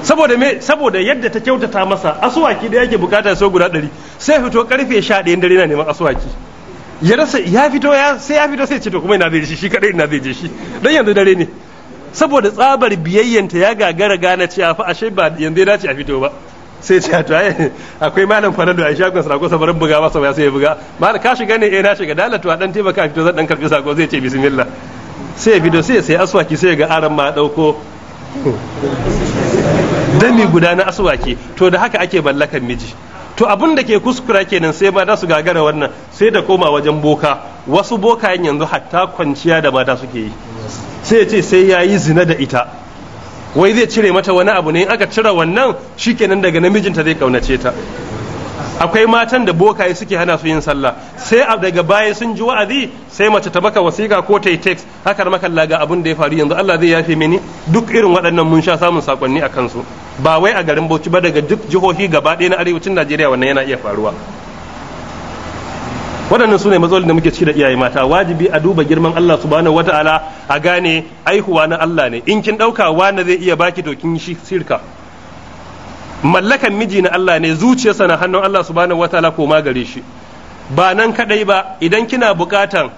saboda me saboda yadda ta kyautata masa asuwaki da yake bukata sai guda ɗari sai fito karfe sha ɗaya dare na neman ki ya rasa ya fito ya sai ya fito sai ce to kuma ina zai shi kadai ina zai shi dan yanzu dare ne saboda tsabar biyayyanta ya gagara gane cewa fa ashe ba yanzu ya dace a fito ba sai ce to ai akwai malam farado a shagon sako sabar buga masa ba sai ya buga malam ka shiga ne eh na shiga dala to a dan taimaka a fito zan dan karbi sako zai ce bismillah sai ya fito sai sai aswaki sai ga aran ma dauko dami guda na aswaki to da haka ake mallakan miji to abin da ke kuskura kenan sai mata su gagara wannan sai da koma wajen boka wasu bokayen yanzu hatta kwanciya da mata suke yi sai ce sai ya yi zina da ita wai zai cire mata wani abu ne in aka cire wannan shi shikenan daga namijinta zai kaunace ta akwai matan da bokaye suke hana su yin sallah sai daga baya sun ji wa'azi sai mace ta maka wasiƙa ko ta yi teks haka da makalla ga abin da ya faru yanzu Allah zai yafe mini duk irin waɗannan mun sha samun sakonni a kansu ba wai a garin Bauchi ba daga duk jihohi gaba ɗaya na arewacin Najeriya wannan yana iya faruwa waɗannan su ne matsalolin da muke ci da iyaye mata wajibi a duba girman Allah subhanahu wataala a gane aihuwa na Allah ne in kin ɗauka wani zai iya baki to kin shi sirka mallakan miji na Allah ne zuciyarsa na hannun Allah subhanahu wataala ma gare shi ba nan kadai ba idan kina bukatan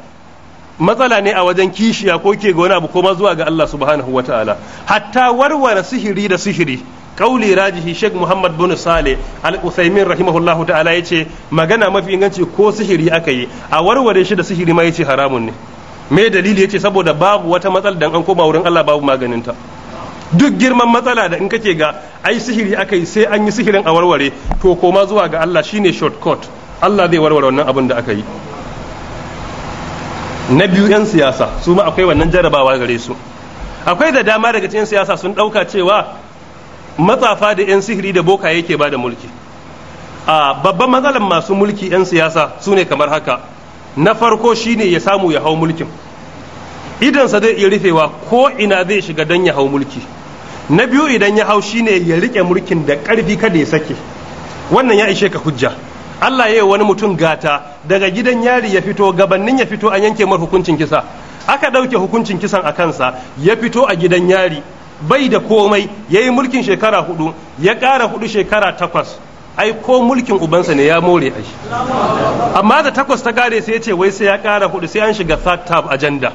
matsala ne a wajen kishiya ko ke ga wani abu ma zuwa ga Allah subhanahu wataala hatta warware sihiri da sihiri kauli rajihi Sheikh Muhammad bin Saleh Al-Utsaimin rahimahullahu ta'ala yace magana mafi inganci ko sihiri aka yi a warware shi da sihiri ma yace haramun ne me dalili yace saboda babu wata matsala dan an koma wurin Allah babu maganin ta duk girman matsala da in kake ga ai sihiri aka yi sai an yi sihirin a warware to koma zuwa ga Allah shine shortcut Allah zai warware wannan abin da aka yi na biyu 'yan siyasa su ma akwai wannan jarabawa gare su akwai da dama daga cikin siyasa sun ɗauka cewa matsafa da 'yan sihiri da boka yake ba da mulki a babban matsalar masu mulki 'yan siyasa su ne kamar haka na farko shine ya samu ya hau mulkin idansa zai iya rufewa ko ina zai shiga don ya hau mulki na biyu idan ya hau shine ya rike mulkin da karfi kada ya sake wannan ya ishe ka hujja Allah ya yi wani mutum gata daga gidan yari ya fito gabannin ya fito an yanke mar hukuncin kisa aka ɗauke hukuncin kisan a kansa ya fito a gidan yari bai da komai ya yi mulkin shekara hudu ya ƙara hudu shekara takwas ai ko mulkin ubansa ne ya more shi amma da takwas ta kare sai ya ce wai sai ya ƙara hudu sai an shiga third term agenda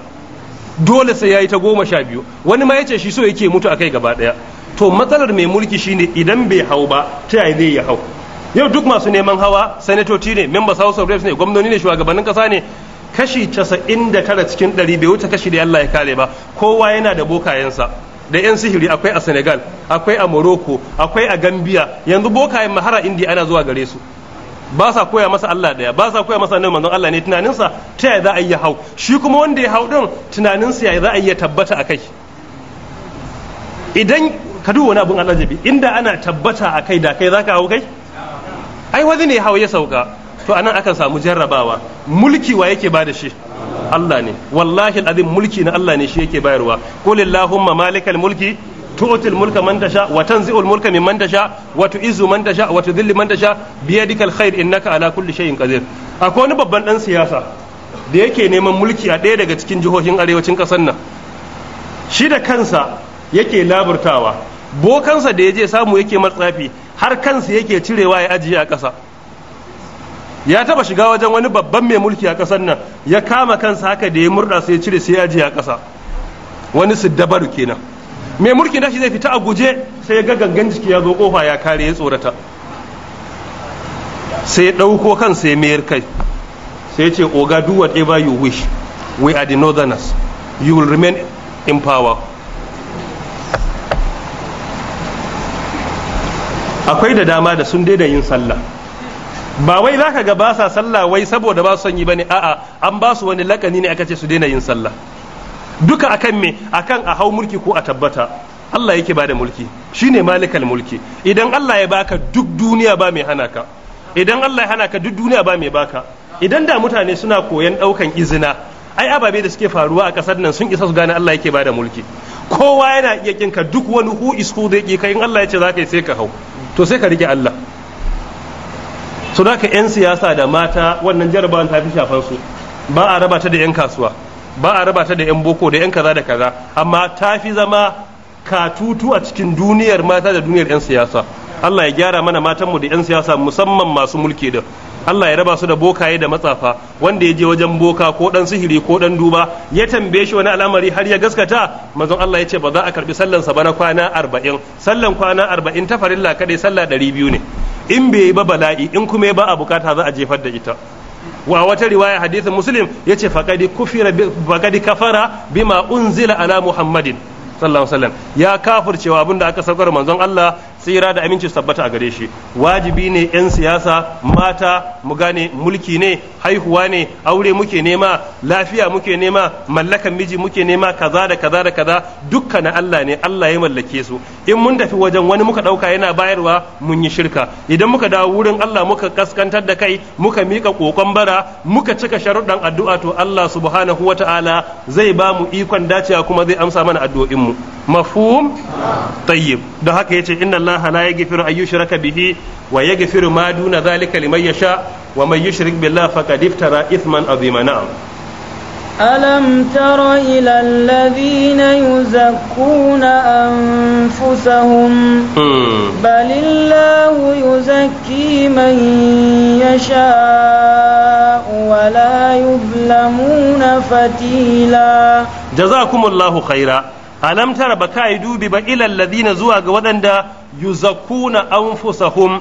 dole sai ya yi ta goma sha biyu wani ma yace shi so yake mutu akai gaba daya to matsalar mai mulki shine idan bai hau ba ta yaya zai ya hau yau duk masu neman hawa sanatoci ne members house of reps ne gwamnoni ne shugabannin kasa ne kashi 99 cikin 100 bai wuce kashi da Allah ya kare ba kowa yana da bokayensa da yan sihiri akwai a Senegal akwai a Morocco akwai a Gambia yanzu bokayen mahara Indiya ana zuwa gare su ba sa koya masa Allah daya ba sa koya masa annabi manzon Allah ne tunaninsa ta yaya za a yi hau shi kuma wanda ya hau din tunaninsa yaya za a yi tabbata akai idan ka duba wani abun Allah jabi inda ana tabbata akai da kai zaka hau kai ai wani ne hau ya sauka to anan akan samu jarrabawa mulki wa yake bada shi Allah ne wallahi alazim mulki na Allah ne shi yake bayarwa qul allahumma malikal mulki تؤتي الملك من تشاء وتنزع الملك من تشاء وتعز من تشاء وتذل من تشاء بيدك الخير انك على كل شيء قدير akwai wani babban ɗan siyasa da yake neman mulki a ɗaya daga cikin jihohin arewacin ƙasar nan shi da kansa yake laburtawa bokansa da ya je samu yake matsafi har kansa yake cirewa ya ajiye a ƙasa ya taba shiga wajen wani babban mai mulki a ƙasar nan ya kama kansa haka da ya murɗa sai ya cire sai ya ajiye a ƙasa wani dabaru kenan mai mulki shi zai fita a guje sai ya ga gangan jiki ya zo kofa ya kare ya tsorata sai ya ɗauko kan sai mayar kai sai ce oga do whatever you wish we are the northerners you will remain in power akwai da dama da sun daina yin sallah ba wai za ka ga ba sa sallah wai saboda ba su son yi ba ne a'a an ba su wani lakani ne aka ce su daina yin sallah duka akan me akan a hau mulki ko a tabbata Allah yake bada mulki shine malikal mulki idan Allah ya baka duk duniya ba mai hana ka idan Allah ya hana ka duk duniya ba mai baka idan da mutane suna koyan daukan izina ai ababe da suke faruwa a kasar nan sun isa su gane Allah yake bada mulki kowa yana iya kinka duk wani hu is who yake kai in Allah ya ce zaka yi sai ka hau to sai ka rike Allah so da ka yan siyasa da mata wannan jarabawan ta fi shafar su ba a raba ta da yan kasuwa ba a raba ta da yan boko da yan kaza da kaza amma ta fi zama katutu a cikin duniyar mata da duniyar yan siyasa Allah ya gyara mana matanmu da yan siyasa musamman masu mulki da Allah ya raba su da bokaye da matsafa wanda ya je wajen boka ko dan sihiri ko dan duba ya tambaye shi wani al'amari har ya gaskata manzon Allah ya ce ba za a karbi sallan sa ba na kwana 40 sallan kwana 40 ta farilla kadai sallah 200 ne in bai ba bala'i in kuma ba a bukata za a jefar da ita wa wata riwaya hadisin muslim yace faqadi kufira bi kafara bima unzila ala muhammadin sallallahu alaihi wasallam ya kafircewa abinda aka saukar manzon Allah tsira da aminci tabbata a gare shi wajibi ne 'yan siyasa mata mu gane mulki ne haihuwa ne aure muke nema lafiya muke nema mallakan miji muke nema kaza da kaza da kaza dukka na Allah ne Allah ya mallake su in mun tafi wajen wani muka dauka yana bayarwa mun yi shirka idan muka dawo wurin Allah muka kaskantar da kai muka mika kokon bara muka cika sharuɗan addu'a to Allah subhanahu wata'ala zai ba mu ikon dacewa kuma zai amsa mana addu'o'in mu mafhum tayyib don haka yace inna الله لا يغفر أن يشرك به ويغفر ما دون ذلك لمن يشاء ومن يشرك بالله فقد افترى إثما عظيما نعم ألم تر إلى الذين يزكون أنفسهم بل الله يزكي من يشاء ولا يظلمون فتيلا جزاكم الله خيرا alam tara ba ka yi dubi ba ilal ladina zuwa ga waɗanda yuzakkuna anfusahum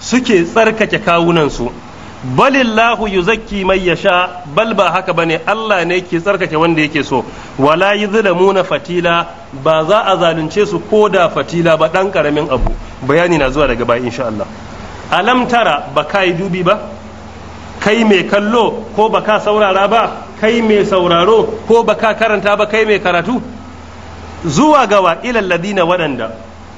suke tsarkake kawunansu balillahu yuzakki mai yasha bal ba haka bane Allah ne yake tsarkake wanda yake so wala yuzlamuna fatila ba za a zalunce su ko da fatila ba dan karamin abu bayani na zuwa daga baya insha Allah alam tara ba kai dubi ba kai mai kallo ko ba ka saurara ba kai mai sauraro ko ba ka karanta ba kai mai karatu zuwa ga wa ilal ladina waɗanda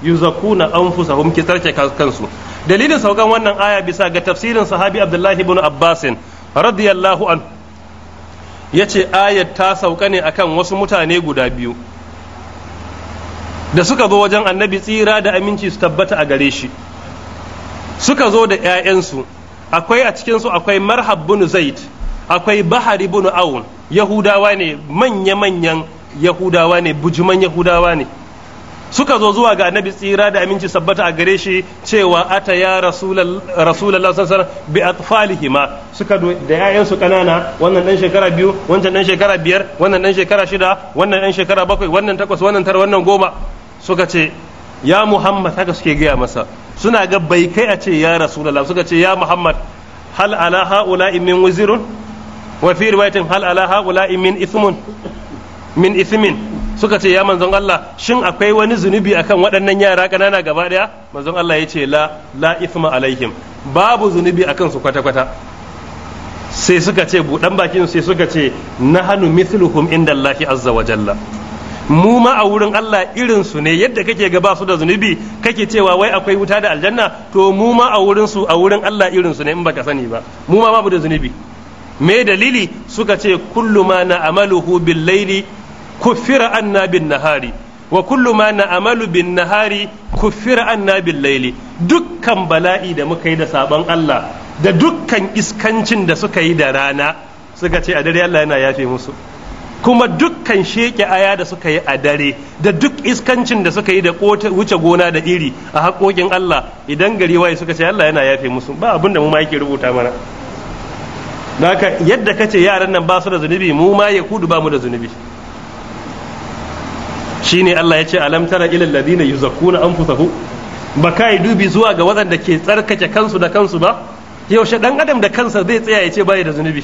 yuzakuna anfusahum ki tsarce kansu dalilin saukan wannan aya bisa ga tafsirin sahabi Abdullahi ibn Abbas radiyallahu an yace ayat ta sauka ne akan wasu mutane guda biyu da suka zo wajen annabi tsira da aminci su tabbata a gare shi suka zo da 'ya'yansu akwai a cikin su akwai marhab bin zaid akwai bahari bin aun yahudawa ne manya-manyan yahudawa ne bujuman yahudawa ne suka zo zuwa ga annabi tsira da aminci sabbata a gare shi cewa ata ya rasulullah sallallahu alaihi bi ma suka da yayan su kanana wannan dan shekara biyu wancan dan shekara biyar wannan dan shekara shida wannan dan shekara bakwai wannan takwas wannan tara wannan goma suka ce ya muhammad haka suke gaya masa suna ga bai kai a ce ya rasulallah suka ce ya muhammad hal ala haula min wazirun wa fi riwayatin hal ala haula min ithmun min ithmin suka ce ya manzon Allah shin akwai wani zunubi akan waɗannan yara ƙanana gaba ɗaya manzon Allah ya ce la la ithma alaihim babu zunubi akan su kwata kwata sai suka ce buɗan bakin sai suka ce nahanu mithluhum inda Allah azza wa jalla mu ma a wurin Allah irin su ne yadda kake gaba su da zunubi kake cewa wai akwai wuta da aljanna to mu ma a wurin su a wurin Allah irin su ne in baka sani ba mu ma babu da zunubi me dalili suka ce kullu ma na'amaluhu bil laili kuffira anna bin nahari wa kullu ma Amalu bin nahari kuffira anna bil laili dukkan bala'i da muka yi da sabon Allah da dukkan iskancin da suka yi da rana suka ce a dare Allah yana yafe musu kuma dukkan sheke aya da suka yi a dare da duk iskancin da suka yi da wuce gona da iri a haƙoƙin Allah idan gari waye suka ce Allah yana yafe musu ba abin da mu ma yake rubuta mana haka yadda kace yaran nan ba su da zunubi mu ma ya kudu ba mu da zunubi shine Allah ya ce alamtara tara ilal ladina yuzakkuna anfusahum ba kai dubi zuwa ga waɗanda ke tsarkake kansu da kansu ba yaushe dan adam da kansa zai tsaya ya ce bai da zunubi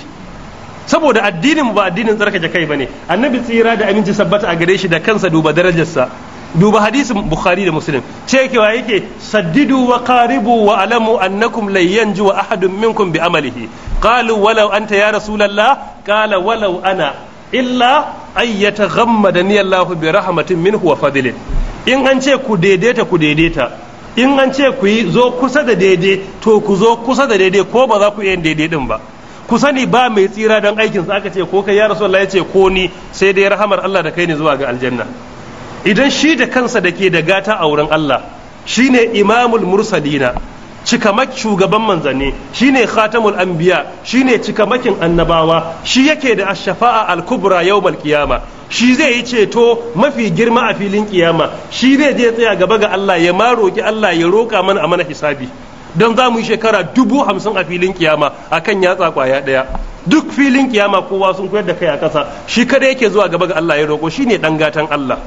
saboda addinin ba addinin tsarkake kai bane annabi tsira da aminci sabbata a gare shi da kansa duba darajarsa duba hadisin bukhari da muslim cewa yake saddidu wa qaribu wa alamu annakum lan yanju wa ahadun minkum bi amalihi qalu walau anta ya rasulullah qala walau ana illa da niyyar lafi bi rahmatin min huwa fadilin in an ce ku daidaita ku daidaita in an ce ku yi zo kusa da daidai to ku zo kusa da daidai ko ba za ku iya daidai din ba ku sani ba mai tsira don aikin sa aka ce ko kai ya rasulullahi ya ce ko ni sai dai rahamar Allah da kai ne zuwa ga aljanna idan shi da kansa da ke da gata a wurin Allah shine imamul mursalina cikamak shugaban manzanni shine khatamul anbiya shine cikamakin annabawa shi yake da ash-shafa'a al-kubra yawmal qiyama shi zai yi ceto mafi girma a filin kiyama shi zai je tsaya gaba ga Allah ya ma roki Allah ya roka mana a mana hisabi don za mu yi shekara dubu hamsin a filin kiyama kan yatsa kwaya daya duk filin kiyama kowa sun koyar da kai a kasa shi kada yake zuwa gaba ga Allah ya roko shine dan gatan Allah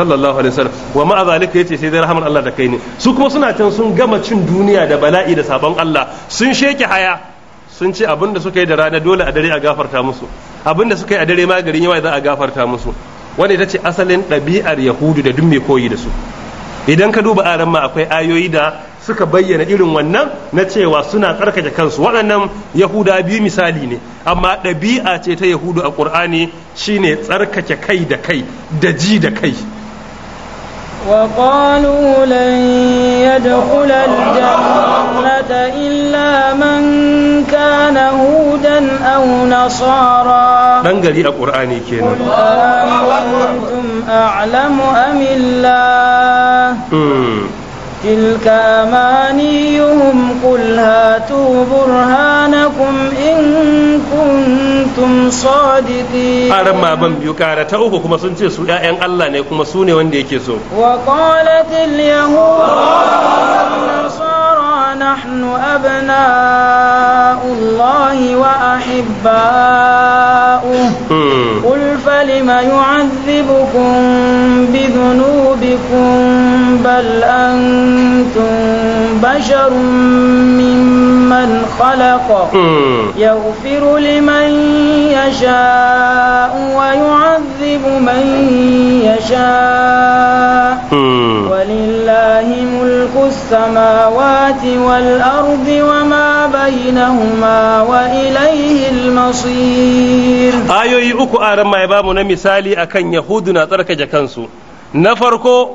sallallahu alaihi wasallam wa ma zalika yace sai dai rahman Allah da kai ne su kuma suna can sun gama cin duniya da bala'i da sabon Allah sun sheke haya sun ce abinda suka yi da rana dole a dare a gafarta musu abinda suka yi a dare magarin yawa za a gafarta musu wanda ita ce asalin ɗabi'ar yahudu da duk mai koyi da su idan ka duba aran ma akwai ayoyi da suka bayyana irin wannan na cewa suna tsarkake kansu waɗannan yahuda biyu misali ne amma ɗabi'a ce ta yahudu a ƙur'ani shine tsarkake kai da kai da ji da kai وقالوا لن يدخل الجنة إلا من كان هودا أو نصارى دنجلي القرآن كينا أنتم أعلم أم الله تلك أمانيهم قل هاتوا برهانكم إن كنتم kuntum sadiqin aran maban biyu kara ta uku kuma sun ce su ƴaƴan Allah ne kuma su ne wanda yake so wa qalat al nasara nahnu abna'u Allah wa ahibba'u qul falima yu'adhibukum bi dhunubikum بل أنتم بشر ممن خلق يغفر لمن يشاء ويعذب من يشاء ولله ملك السماوات والأرض وما بينهما وإليه المصير آيوي أكو آرما يبامنا مثالي أكن يهود ناترك جكنسو نفركو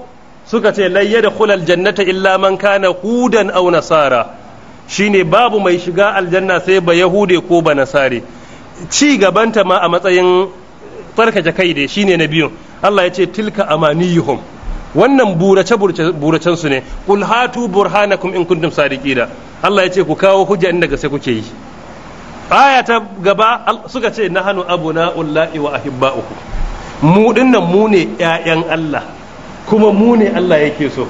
suka ce da kulal jannata illa man kana hudan aw nasara shine babu mai shiga aljanna sai ba yahude ko ba nasare ci gabanta ma a matsayin tsarkake kai dai shine na biyun Allah ya ce tilka amaniyuhum wannan burace buracen su ne qul hatu burhanakum in kuntum sadiqina Allah ya ce ku kawo hujja inda ga sai kuke yi aya ta gaba suka ce nahanu abuna ullahi wa ahibba'uhu mu dinnan mu ne ƴaƴan Allah kuma mu ne Allah yake so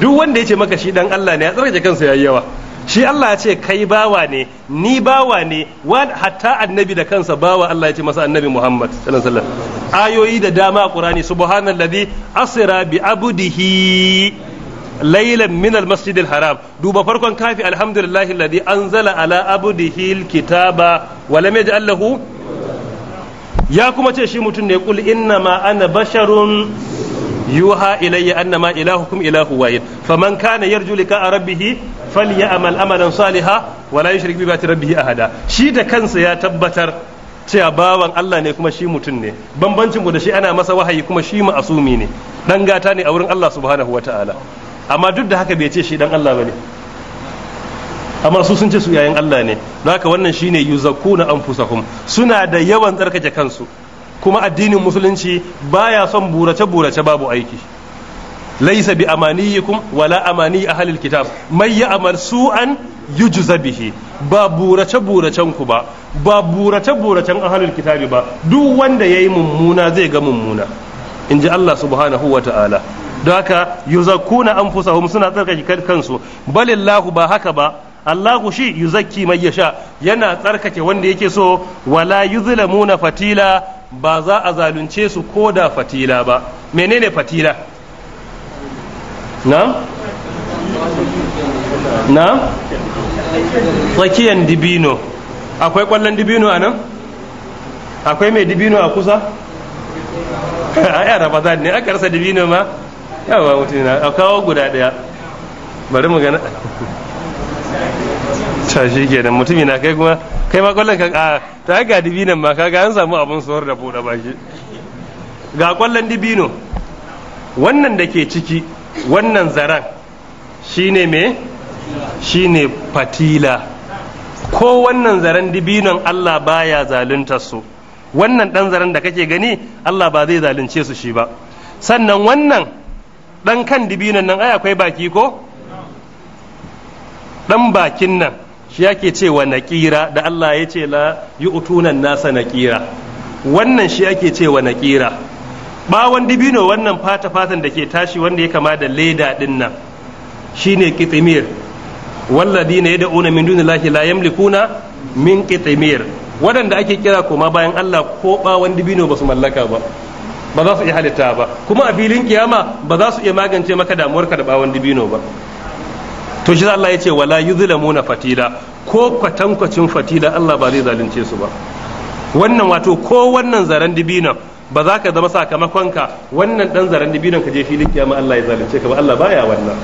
duk wanda ya ce maka shi dan Allah ne ya tsarkake kansa yayi yawa shi Allah ya ce kai bawa ne ni bawa ne hatta annabi da kansa bawa Allah ya ce masa annabi Muhammad sallallahu alaihi wasallam ayoyi da dama a Qur'ani subhanalladhi asra bi abdihi laylan min almasjidil haram duba farkon kafi alhamdulillahi alladhi anzala ala abdihi kitaba wa lam yaj'al lahu ya kuma ce shi mutum ne kul inna ma ana basharun yuha ilayya annama ilahukum ilahu wahid faman kana yarju liqa rabbih falyamal amalan saliha wa la yushrik bi ibadati rabbih ahada shi da kansa ya tabbatar cewa bawan Allah ne kuma shi mutum ne bambancin mu ana masa wahayi kuma shi ma'asumi ne dan gata ne a wurin Allah subhanahu wataala amma duk da haka bai ce shi dan Allah bane amma su sun ce su yayin Allah ne don haka wannan shine yuzakkuna anfusahum suna da yawan tsarkake kansu kuma addinin musulunci baya son burace burace babu aiki laisa bi amaniyikum wala amani ahlil kitab may ya'mal su'an yujza bihi ba burace buracen ku ba ba burace buracen halin kitabi ba duk wanda yayi mummuna zai ga mummuna inji Allah subhanahu wa ta'ala don haka yuzakkuna anfusahum suna tsarkake kansu balillahu ba haka ba ku shi yuzakki mai yasha yana tsarkake wanda yake so wala yuzlamuna fatila ba za a zalunce su ko da fatila ba menene fatila na na tsakiyan dibino akwai kwallon dibino a nan akwai mai dibino a kusa a yara ba za ne aka rasa dibino ma yawa mutum na a kawo guda daya bari mu gana ta shi da mutumi na kai kuma kai ma kwallon ka a ta ga dibinan ma kaga an samu abun suwar da buɗe baki ga kwallon dibino wannan da ke ciki wannan zaren ne me ne fatila ko wannan zaren dibinon Allah baya zalunta su wannan dan zaren da kake gani Allah ba zai zalunce su shi ba sannan wannan dan kan dibinon nan ai akwai baki ko dan bakin nan shi ce cewa naƙira da Allah ya ce la yi utunan nasa naƙira wannan shi ce cewa naƙira bawon dibino wannan fata fatan da ke tashi wanda ya kama da leda din nan shine kitimir walladina yad'una min dunillahi la yamlikuna min kitimir waɗanda ake kira koma bayan Allah ko bawon dibino ba su mallaka ba ba za su iya halitta ba kuma a filin kiyama ba za su iya magance maka damuwar ka da bawon dibino ba to shi Allah ya ce wala yuzlamuna fatila ko kwatankwacin fatila Allah ba zai zalunce su ba wannan wato ko wannan zaren dibinan ba za ka zama sakamakonka wannan dan zaren dibinan ka je filin kiyama Allah ya zalunce ka ba Allah baya wannan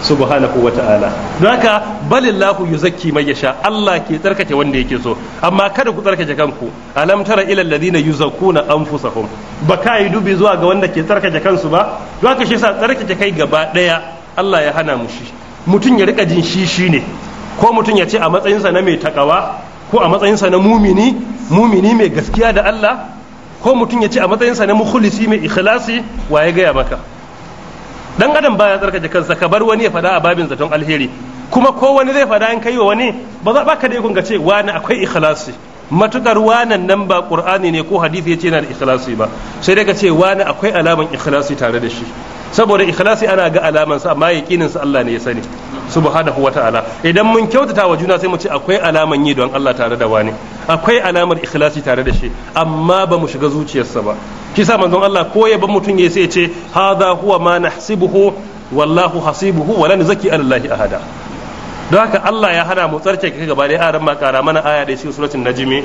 subhanahu wa ta'ala haka balillahu yuzakki man yasha Allah ke tsarkake wanda yake so amma kada ku tsarkake kanku alam tara ila alladhina yuzakkuna anfusahum ba ka yi dubi zuwa ga wanda ke tsarkake kansu ba don haka shi sa tsarkake kai gaba daya Allah ya hana mu shi mutum ya rika jin shi shi ne ko mutum ya ce a matsayinsa na mai takawa ko a matsayinsa na mumini mumini mai gaskiya da Allah ko mutum ya ce a matsayinsa na mukhlisi mai ikhlasi wa ya gaya maka dan adam baya tsarkake kansa ka bar wani ya fada a babin zaton alheri kuma ko wani zai fada in kai wa wani ba za baka da ikon ga ce wani akwai ikhlasi matukar wanan nan ba qur'ani ne ko hadisi yace yana da ikhlasi ba sai dai ka ce wani akwai alaman ikhlasi tare da shi saboda ikhlasi ana ga alaman sa amma yaqinin sa Allah ne ya sani subhanahu wata'ala idan mun kyautata wa juna sai mu ce akwai alaman yi don Allah tare da wani akwai alamar ikhlasi tare da shi amma ba mu shiga zuciyarsa ba kisa manzon Allah ko ya ban mutun ya sai ce hadha huwa ma nahsibuhu wallahu hasibuhu wala nuzaki alallahi ahada don haka Allah ya hana mu tsarkake gaba da aran ma mana aya da shi suratul najmi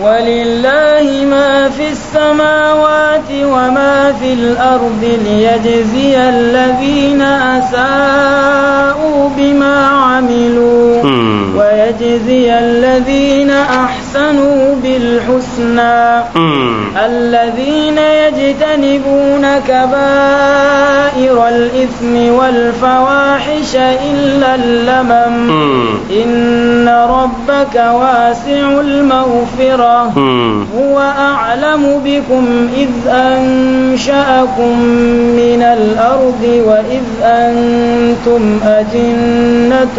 ولله ما في السماوات وما في الأرض ليجزي الذين أساءوا بما عملوا hmm. ويجزي الذين أحسنوا أحسنوا بالحسنى الذين يجتنبون كبائر الإثم والفواحش إلا اللمم إن ربك واسع المغفرة هو أعلم بكم إذ أنشأكم من الأرض وإذ أنتم أجنة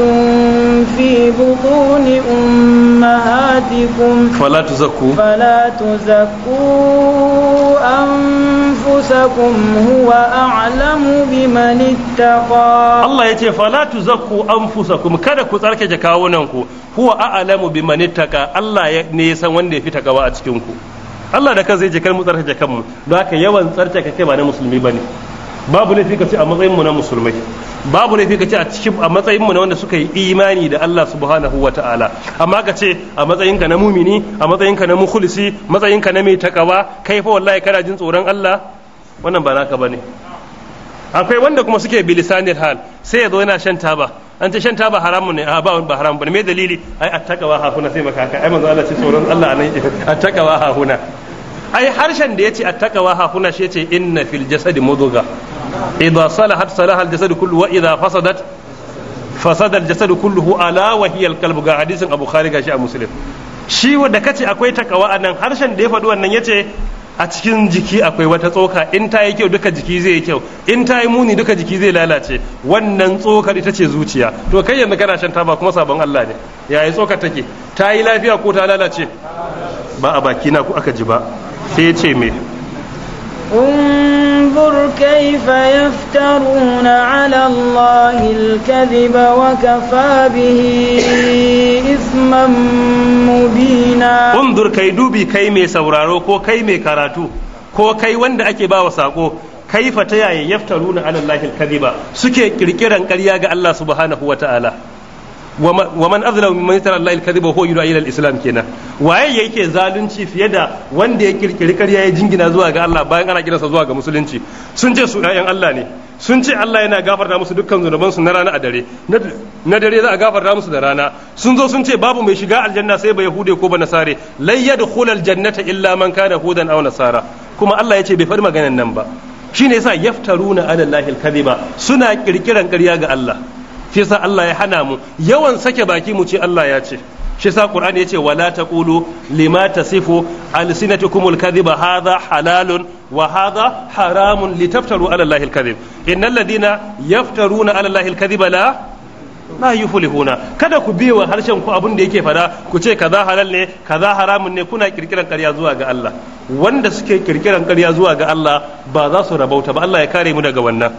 في بطون أمهاتكم fala tuzaku falatu zaku an fusaku huwa a alamu bi ma nitaka. allah ya ce falatu zaku an kada ku tsarke jakawunanku huwa a alamu bi ma allah ne ya san wanda ya fi taka a cikinku. allah da ka zai je kan mu tsarke jakanmu daa kan yawan tsarke ka ba na musulmi bane babu laifi ka ce a matsayinmu na musulmai babu laifi ka ce a cikin a matsayinmu na wanda suka yi imani da Allah subhanahu wa ta'ala amma ka ce a matsayinka na mumini a matsayinka na mukhlisi matsayinka na mai takawa kai fa wallahi kana jin tsoron Allah wannan ba naka bane akwai wanda kuma suke lisanil hal sai ya zo yana shan taba an ce shan taba haramu ne a ba ba ba bane me dalili ai attakawa hahuna sai maka haka ai manzo Allah ce tsoron Allah anan attakawa hahuna ai harshen da ya ce a ha kuna shi yace inna fil jasadi mudugha idza salahat salaha al jasadu kullu wa idza fasadat fasada al jasadu kulluhu ala wa hiya al qalbu ga hadisin abu khari a muslim shi wanda kace akwai takawa anan harshen da ya faɗi wannan yace a cikin jiki akwai wata tsoka in ta yi kyau duka jiki zai yi kyau in ta yi muni duka jiki zai lalace wannan tsokar ita ce zuciya to kai yanzu kana shan taba kuma sabon Allah ne yayi tsokar take ta yi lafiya ko ta lalace ba a baki na ku aka ji ba sai ya ce me um, فانظر كيف يفترون على الله الكذب وكفى به إثما مبينا انظر كي دوبي كي مي سورارو كو كي مي كاراتو كو كي وند أكي باو ساقو كيف تياي يفترون على الله الكذب سكي كركيرا كرياغ الله سبحانه وتعالى wa man azlamu mimman yatara Allah al-kadhiba huwa yudu ila al-islam kenan waye yake zalunci fiye da wanda ya kirkiri ƙarya ya jingina zuwa ga Allah bayan ana kiransa zuwa ga musulunci sun ce su Allah ne sun ce Allah yana gafarta musu dukkan zunuban su na rana a dare na dare za a gafarta musu da rana sun zo sun ce babu mai shiga aljanna sai ba yahude ko ba nasare lai yadkhulul jannata illa man kana hudan aw nasara kuma Allah ya ce bai faɗi maganan nan ba shine yasa yaftaruna ala allahi al-kadhiba suna kirkiran kariya ga Allah shi yasa Allah ya hana mu yawan sake baki mu ce Allah ya ce shi yasa Qur'ani yace wala taqulu lima tasifu alsinatukumul kadhiba hadha halalun wa hadha haramun litaftaru ala Allahi alkadhib innal ladina yaftaruna ala Allahi alkadhiba la la yuflihuna kada ku bi wa harshen ku abin da yake fada ku ce kaza halal ne kaza haramun ne kuna kirkiran ƙarya zuwa ga Allah wanda suke kirkiran ƙarya zuwa ga Allah ba za su rabauta ba Allah ya kare mu daga wannan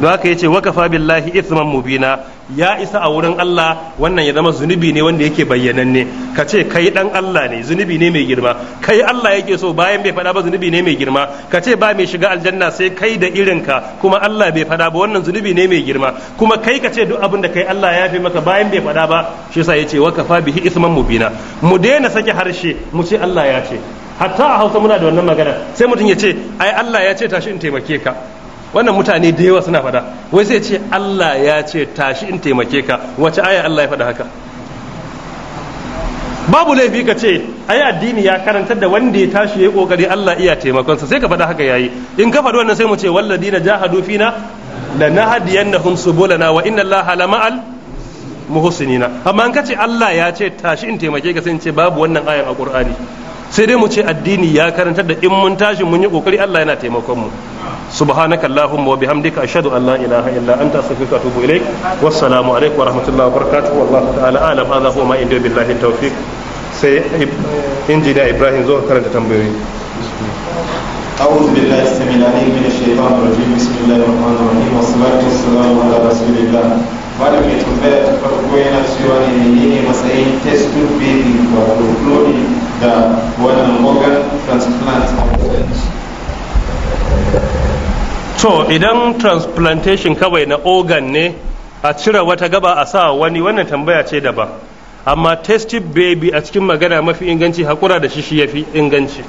don haka ce waka fa billahi ithman mubina ya isa a wurin Allah wannan ya zama zunubi ne wanda yake bayyananne ka ce kai dan Allah ne zunubi ne mai girma kai Allah yake so bayan bai fada ba zunubi ne mai girma kace ba mai shiga aljanna sai kai da irin ka kuma Allah bai fada ba wannan zunubi ne mai girma kuma kai ka ce duk abin da kai Allah ya fi maka bayan bai fada ba shi yasa yace waka fa bihi ithman mubina mu daina sake harshe mu ce Allah ya ce hatta a Hausa muna da wannan magana sai mutum ya ce ai Allah ya ce tashi in taimake ka wannan mutane da yawa suna fada wai sai ce Allah ya ce tashi in taimake ka wace aya Allah ya faɗa haka babu laifi ka ce ai addini ya karantar da wanda ya tashi yayi kokari Allah iya taimakonsa sai ka fada haka yayi in ka faɗi wannan sai mu ce walladina jahadu fina lanahdiyannahum subulana wa inna Allaha lama'al muhsinina amma in ka ce Allah ya ce tashi in taimake ka sai ce babu wannan ayan a Qur'ani sai dai mu ce addini ya karantar da in mun tashi mun yi kokari Allah yana taimakon mu subhanaka allahumma wa bihamdika ashhadu an la ilaha illa anta astaghfiruka wa atubu ilaik wassalamu alaikum wa rahmatullahi wa barakatuh wallahu ta'ala a'lam hadha huwa ma inda billahi tawfiq sai injiniya ibrahim zo karanta tambayoyi أعوذ بالله السميع العليم من الشيطان الرجيم بسم الله الرحمن الرحيم والصلاة والسلام على رسول الله malam mai tambaya ta farko yana cewa ne menene matsayin test tube baby wato cloning da wannan organ transplant a to idan transplantation kawai na organ ne a cire wata gaba a sa wani wannan tambaya ce daban amma testive baby a cikin magana mafi inganci hakura da shi shi ya fi inganci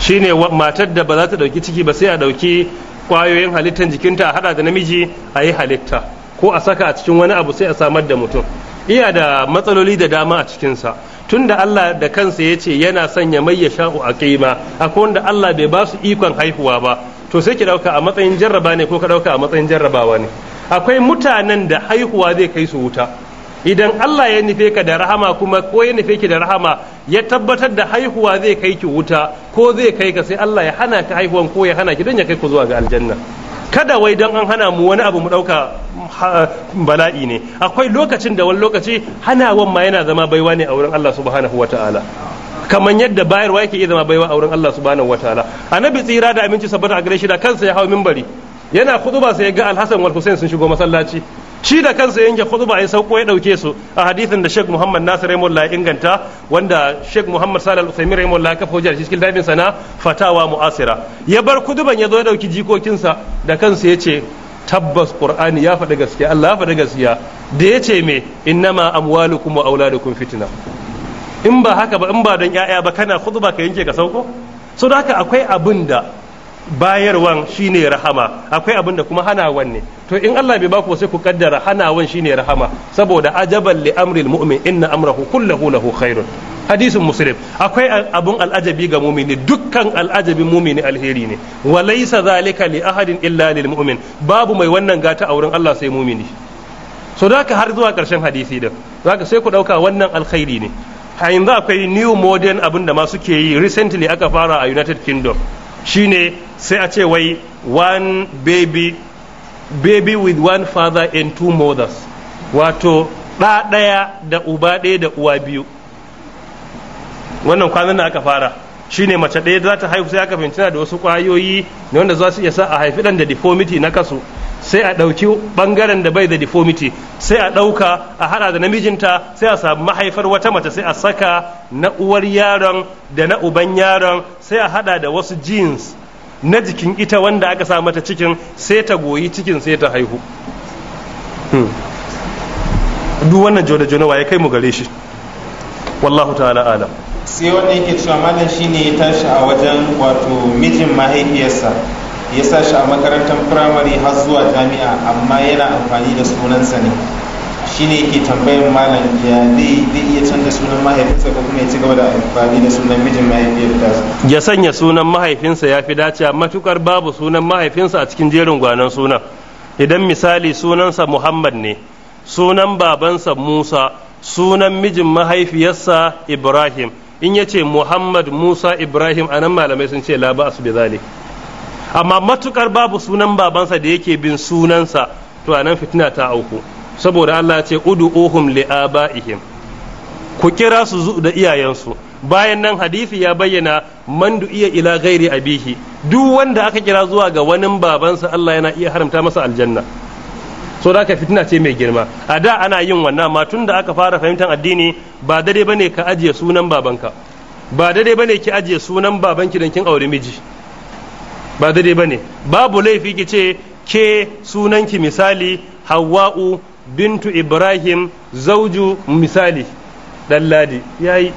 shine matar da ba za ta dauki ciki ba sai a dauki kwayoyin halittar jikinta a hada da namiji a yi halitta ko a saka a cikin wani abu sai a samar da mutum iya da matsaloli da dama a cikinsa tun da Allah da kansa ya ce yana sanya mai ya sha'u a kima akwai wanda Allah bai ba su ikon haihuwa ba to sai ki dauka a matsayin jarraba ne ko ka dauka a matsayin jarrabawa ne akwai mutanen da haihuwa zai kai su wuta idan Allah ya nufe ka da rahama kuma ko ya nufe ki da rahama ya tabbatar da haihuwa zai kai ki wuta ko zai kai ka sai Allah ya hana ka haihuwan ko ya hana ki don ya kai ku zuwa ga aljanna kada wai don an hana mu wani abu mu ɗauka bala'i ne akwai lokacin da wani lokaci hanawan ma yana zama baiwa ne a wurin Allah subhanahu wa ta'ala kamar yadda bayarwa yake iya zama baiwa a wurin Allah subhanahu wa ta'ala annabi tsira da aminci sabbata a gare shi da kansa ya hawo minbari yana khutuba sai ya ga alhassan wal husain sun shigo masallaci shi da kansa yanke khutba ya sauko ya dauke su a hadithin da Sheikh Muhammad Nasir Rahimullah ya inganta wanda Sheikh Muhammad Salih Al-Uthaymeen Rahimullah ya kafa shi cikin dabin sana fatawa mu'asira ya bar kuduban ya zo ya dauki jikokinsa da kansa ya ce tabbas Qur'ani ya faɗi gaskiya Allah ya faɗi gaskiya da ya ce me innama amwalukum wa auladukum fitna in ba haka ba in ba don yaya ba kana khutba ka yanke ka sauko so haka akwai abin da bayarwan shine rahama akwai abin da kuma hanawan ne to in Allah bai baku sai ku kaddara hanawan shine rahama saboda ajaban li amril mu'min inna amrahu kullahu lahu khairun hadisin muslim akwai abun al'ajabi ga mumini dukkan al'ajabin mumini alheri ne wa laysa zalika li ahadin illa lil mu'min babu mai wannan gata a wurin Allah sai mumini so da har zuwa karshen hadisi din zaka sai ku dauka wannan alkhairi ne yanzu akwai new modern abin da ma suke yi recently aka fara a United Kingdom shine sai a ce wai one baby baby with one father and two mothers wato ɗa ɗaya da uba ɗaya da uwa biyu wannan kwanan da aka fara shine mace ɗaya za ta haihu sai aka fahimci da wasu ƙwayoyi ne wanda za su iya sa a haifi ɗan da deformity na kasu sai a ɗauki ɓangaren da bai da deformity sai a ɗauka a haɗa da namijinta sai a samu mahaifar wata mace sai a saka na uwar yaron da na uban yaron sai a haɗa da wasu jeans na jikin ita wanda aka sa mata cikin sai ta goyi cikin sai ta haihu hmm. duk wannan jona-jona ya kai mu gare shi wallahu ta'ala alam sai wanda yake cewa malam shine ya tashi a wajen wato mijin mahaifiyarsa ya sa shi a makarantar firamare har zuwa jami'a amma yana amfani da sunansa ne shine yake tambayin malam ya zai iya canza sunan mahaifinsa ko kuma ya ci gaba da amfani da sunan mijin mahaifiyarsa ya sanya sunan mahaifinsa ya fi dacewa matukar babu sunan mahaifinsa a cikin jerin gwanon sunan idan misali sunansa muhammad ne sunan babansa musa sunan mijin mahaifiyarsa ibrahim in ya ce muhammad musa ibrahim anan malamai sun ce la su bi zalik amma matukar babu sunan babansa da yake bin sunansa to anan fitina ta auku saboda Allah ya ce ud'uhum li abaihim ku kira su da iyayensu bayan nan hadisi ya bayyana man iya ila gairi abihi duk wanda aka kira zuwa ga wani babansa Allah yana iya haramta masa aljanna so da fitina ce mai girma a da ana yin wannan ma tun da aka fara fahimtar addini ba dare bane ka ajiye sunan babanka ba dare bane ki ajiye sunan babanki dan kin aure miji ba dare bane babu laifi ki ce ke sunanki misali hawa'u bintu ibrahim zauju misali dalladi yayi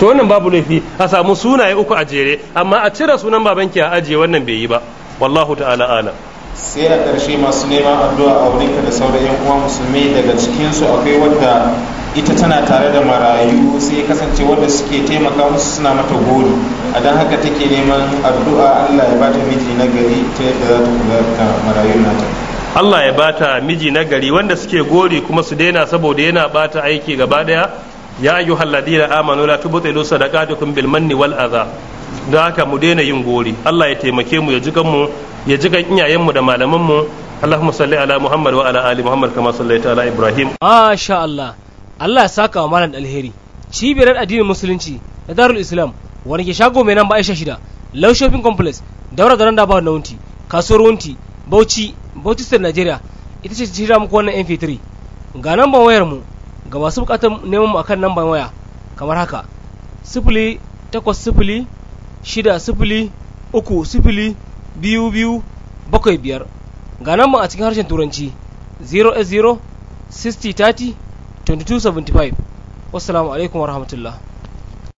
to wannan babu laifi a samu sunaye uku a jere amma a cire sunan babanki a ajiye wannan bai yi ba wallahu ta'ala alam sai a ƙarshe masu neman addu'a a wurinka da sauran yan uwa musulmi daga cikinsu akwai wadda ita tana tare da marayu sai kasance wadda suke taimaka musu suna mata gori a don haka take neman addu'a allah ya bata miji na gari ta yadda za ta kula da marayu nata allah ya bata miji na gari wanda suke gori kuma su daina saboda yana bata aiki gaba daya ya yi halladi da amanu la ilusa da bil manni wal aza. don haka mu daina yin gori Allah ya taimake mu ya ji mu ya kan iyayenmu da malamanmu Allahumma salli ala Muhammad wa ala ali Muhammad kama sallaita ala Ibrahim masha Allah Allah ya saka wa malam alheri cibiyar addinin musulunci da Darul Islam wani ke shago mai nan ba Aisha shida Low Shopping Complex daura garan da ba na kasuwar wunti Bauchi Bauchi State Nigeria ita ce jira muku wannan MP3 ga namban wayar mu ga masu bukatar neman mu akan namba waya kamar haka sifili takwas sifili shida sifili uku sifili biyu biyu bakwai biyar ga nan a cikin harshen turanci 0 60 30 22 75 wasu alaikum warahmatullahi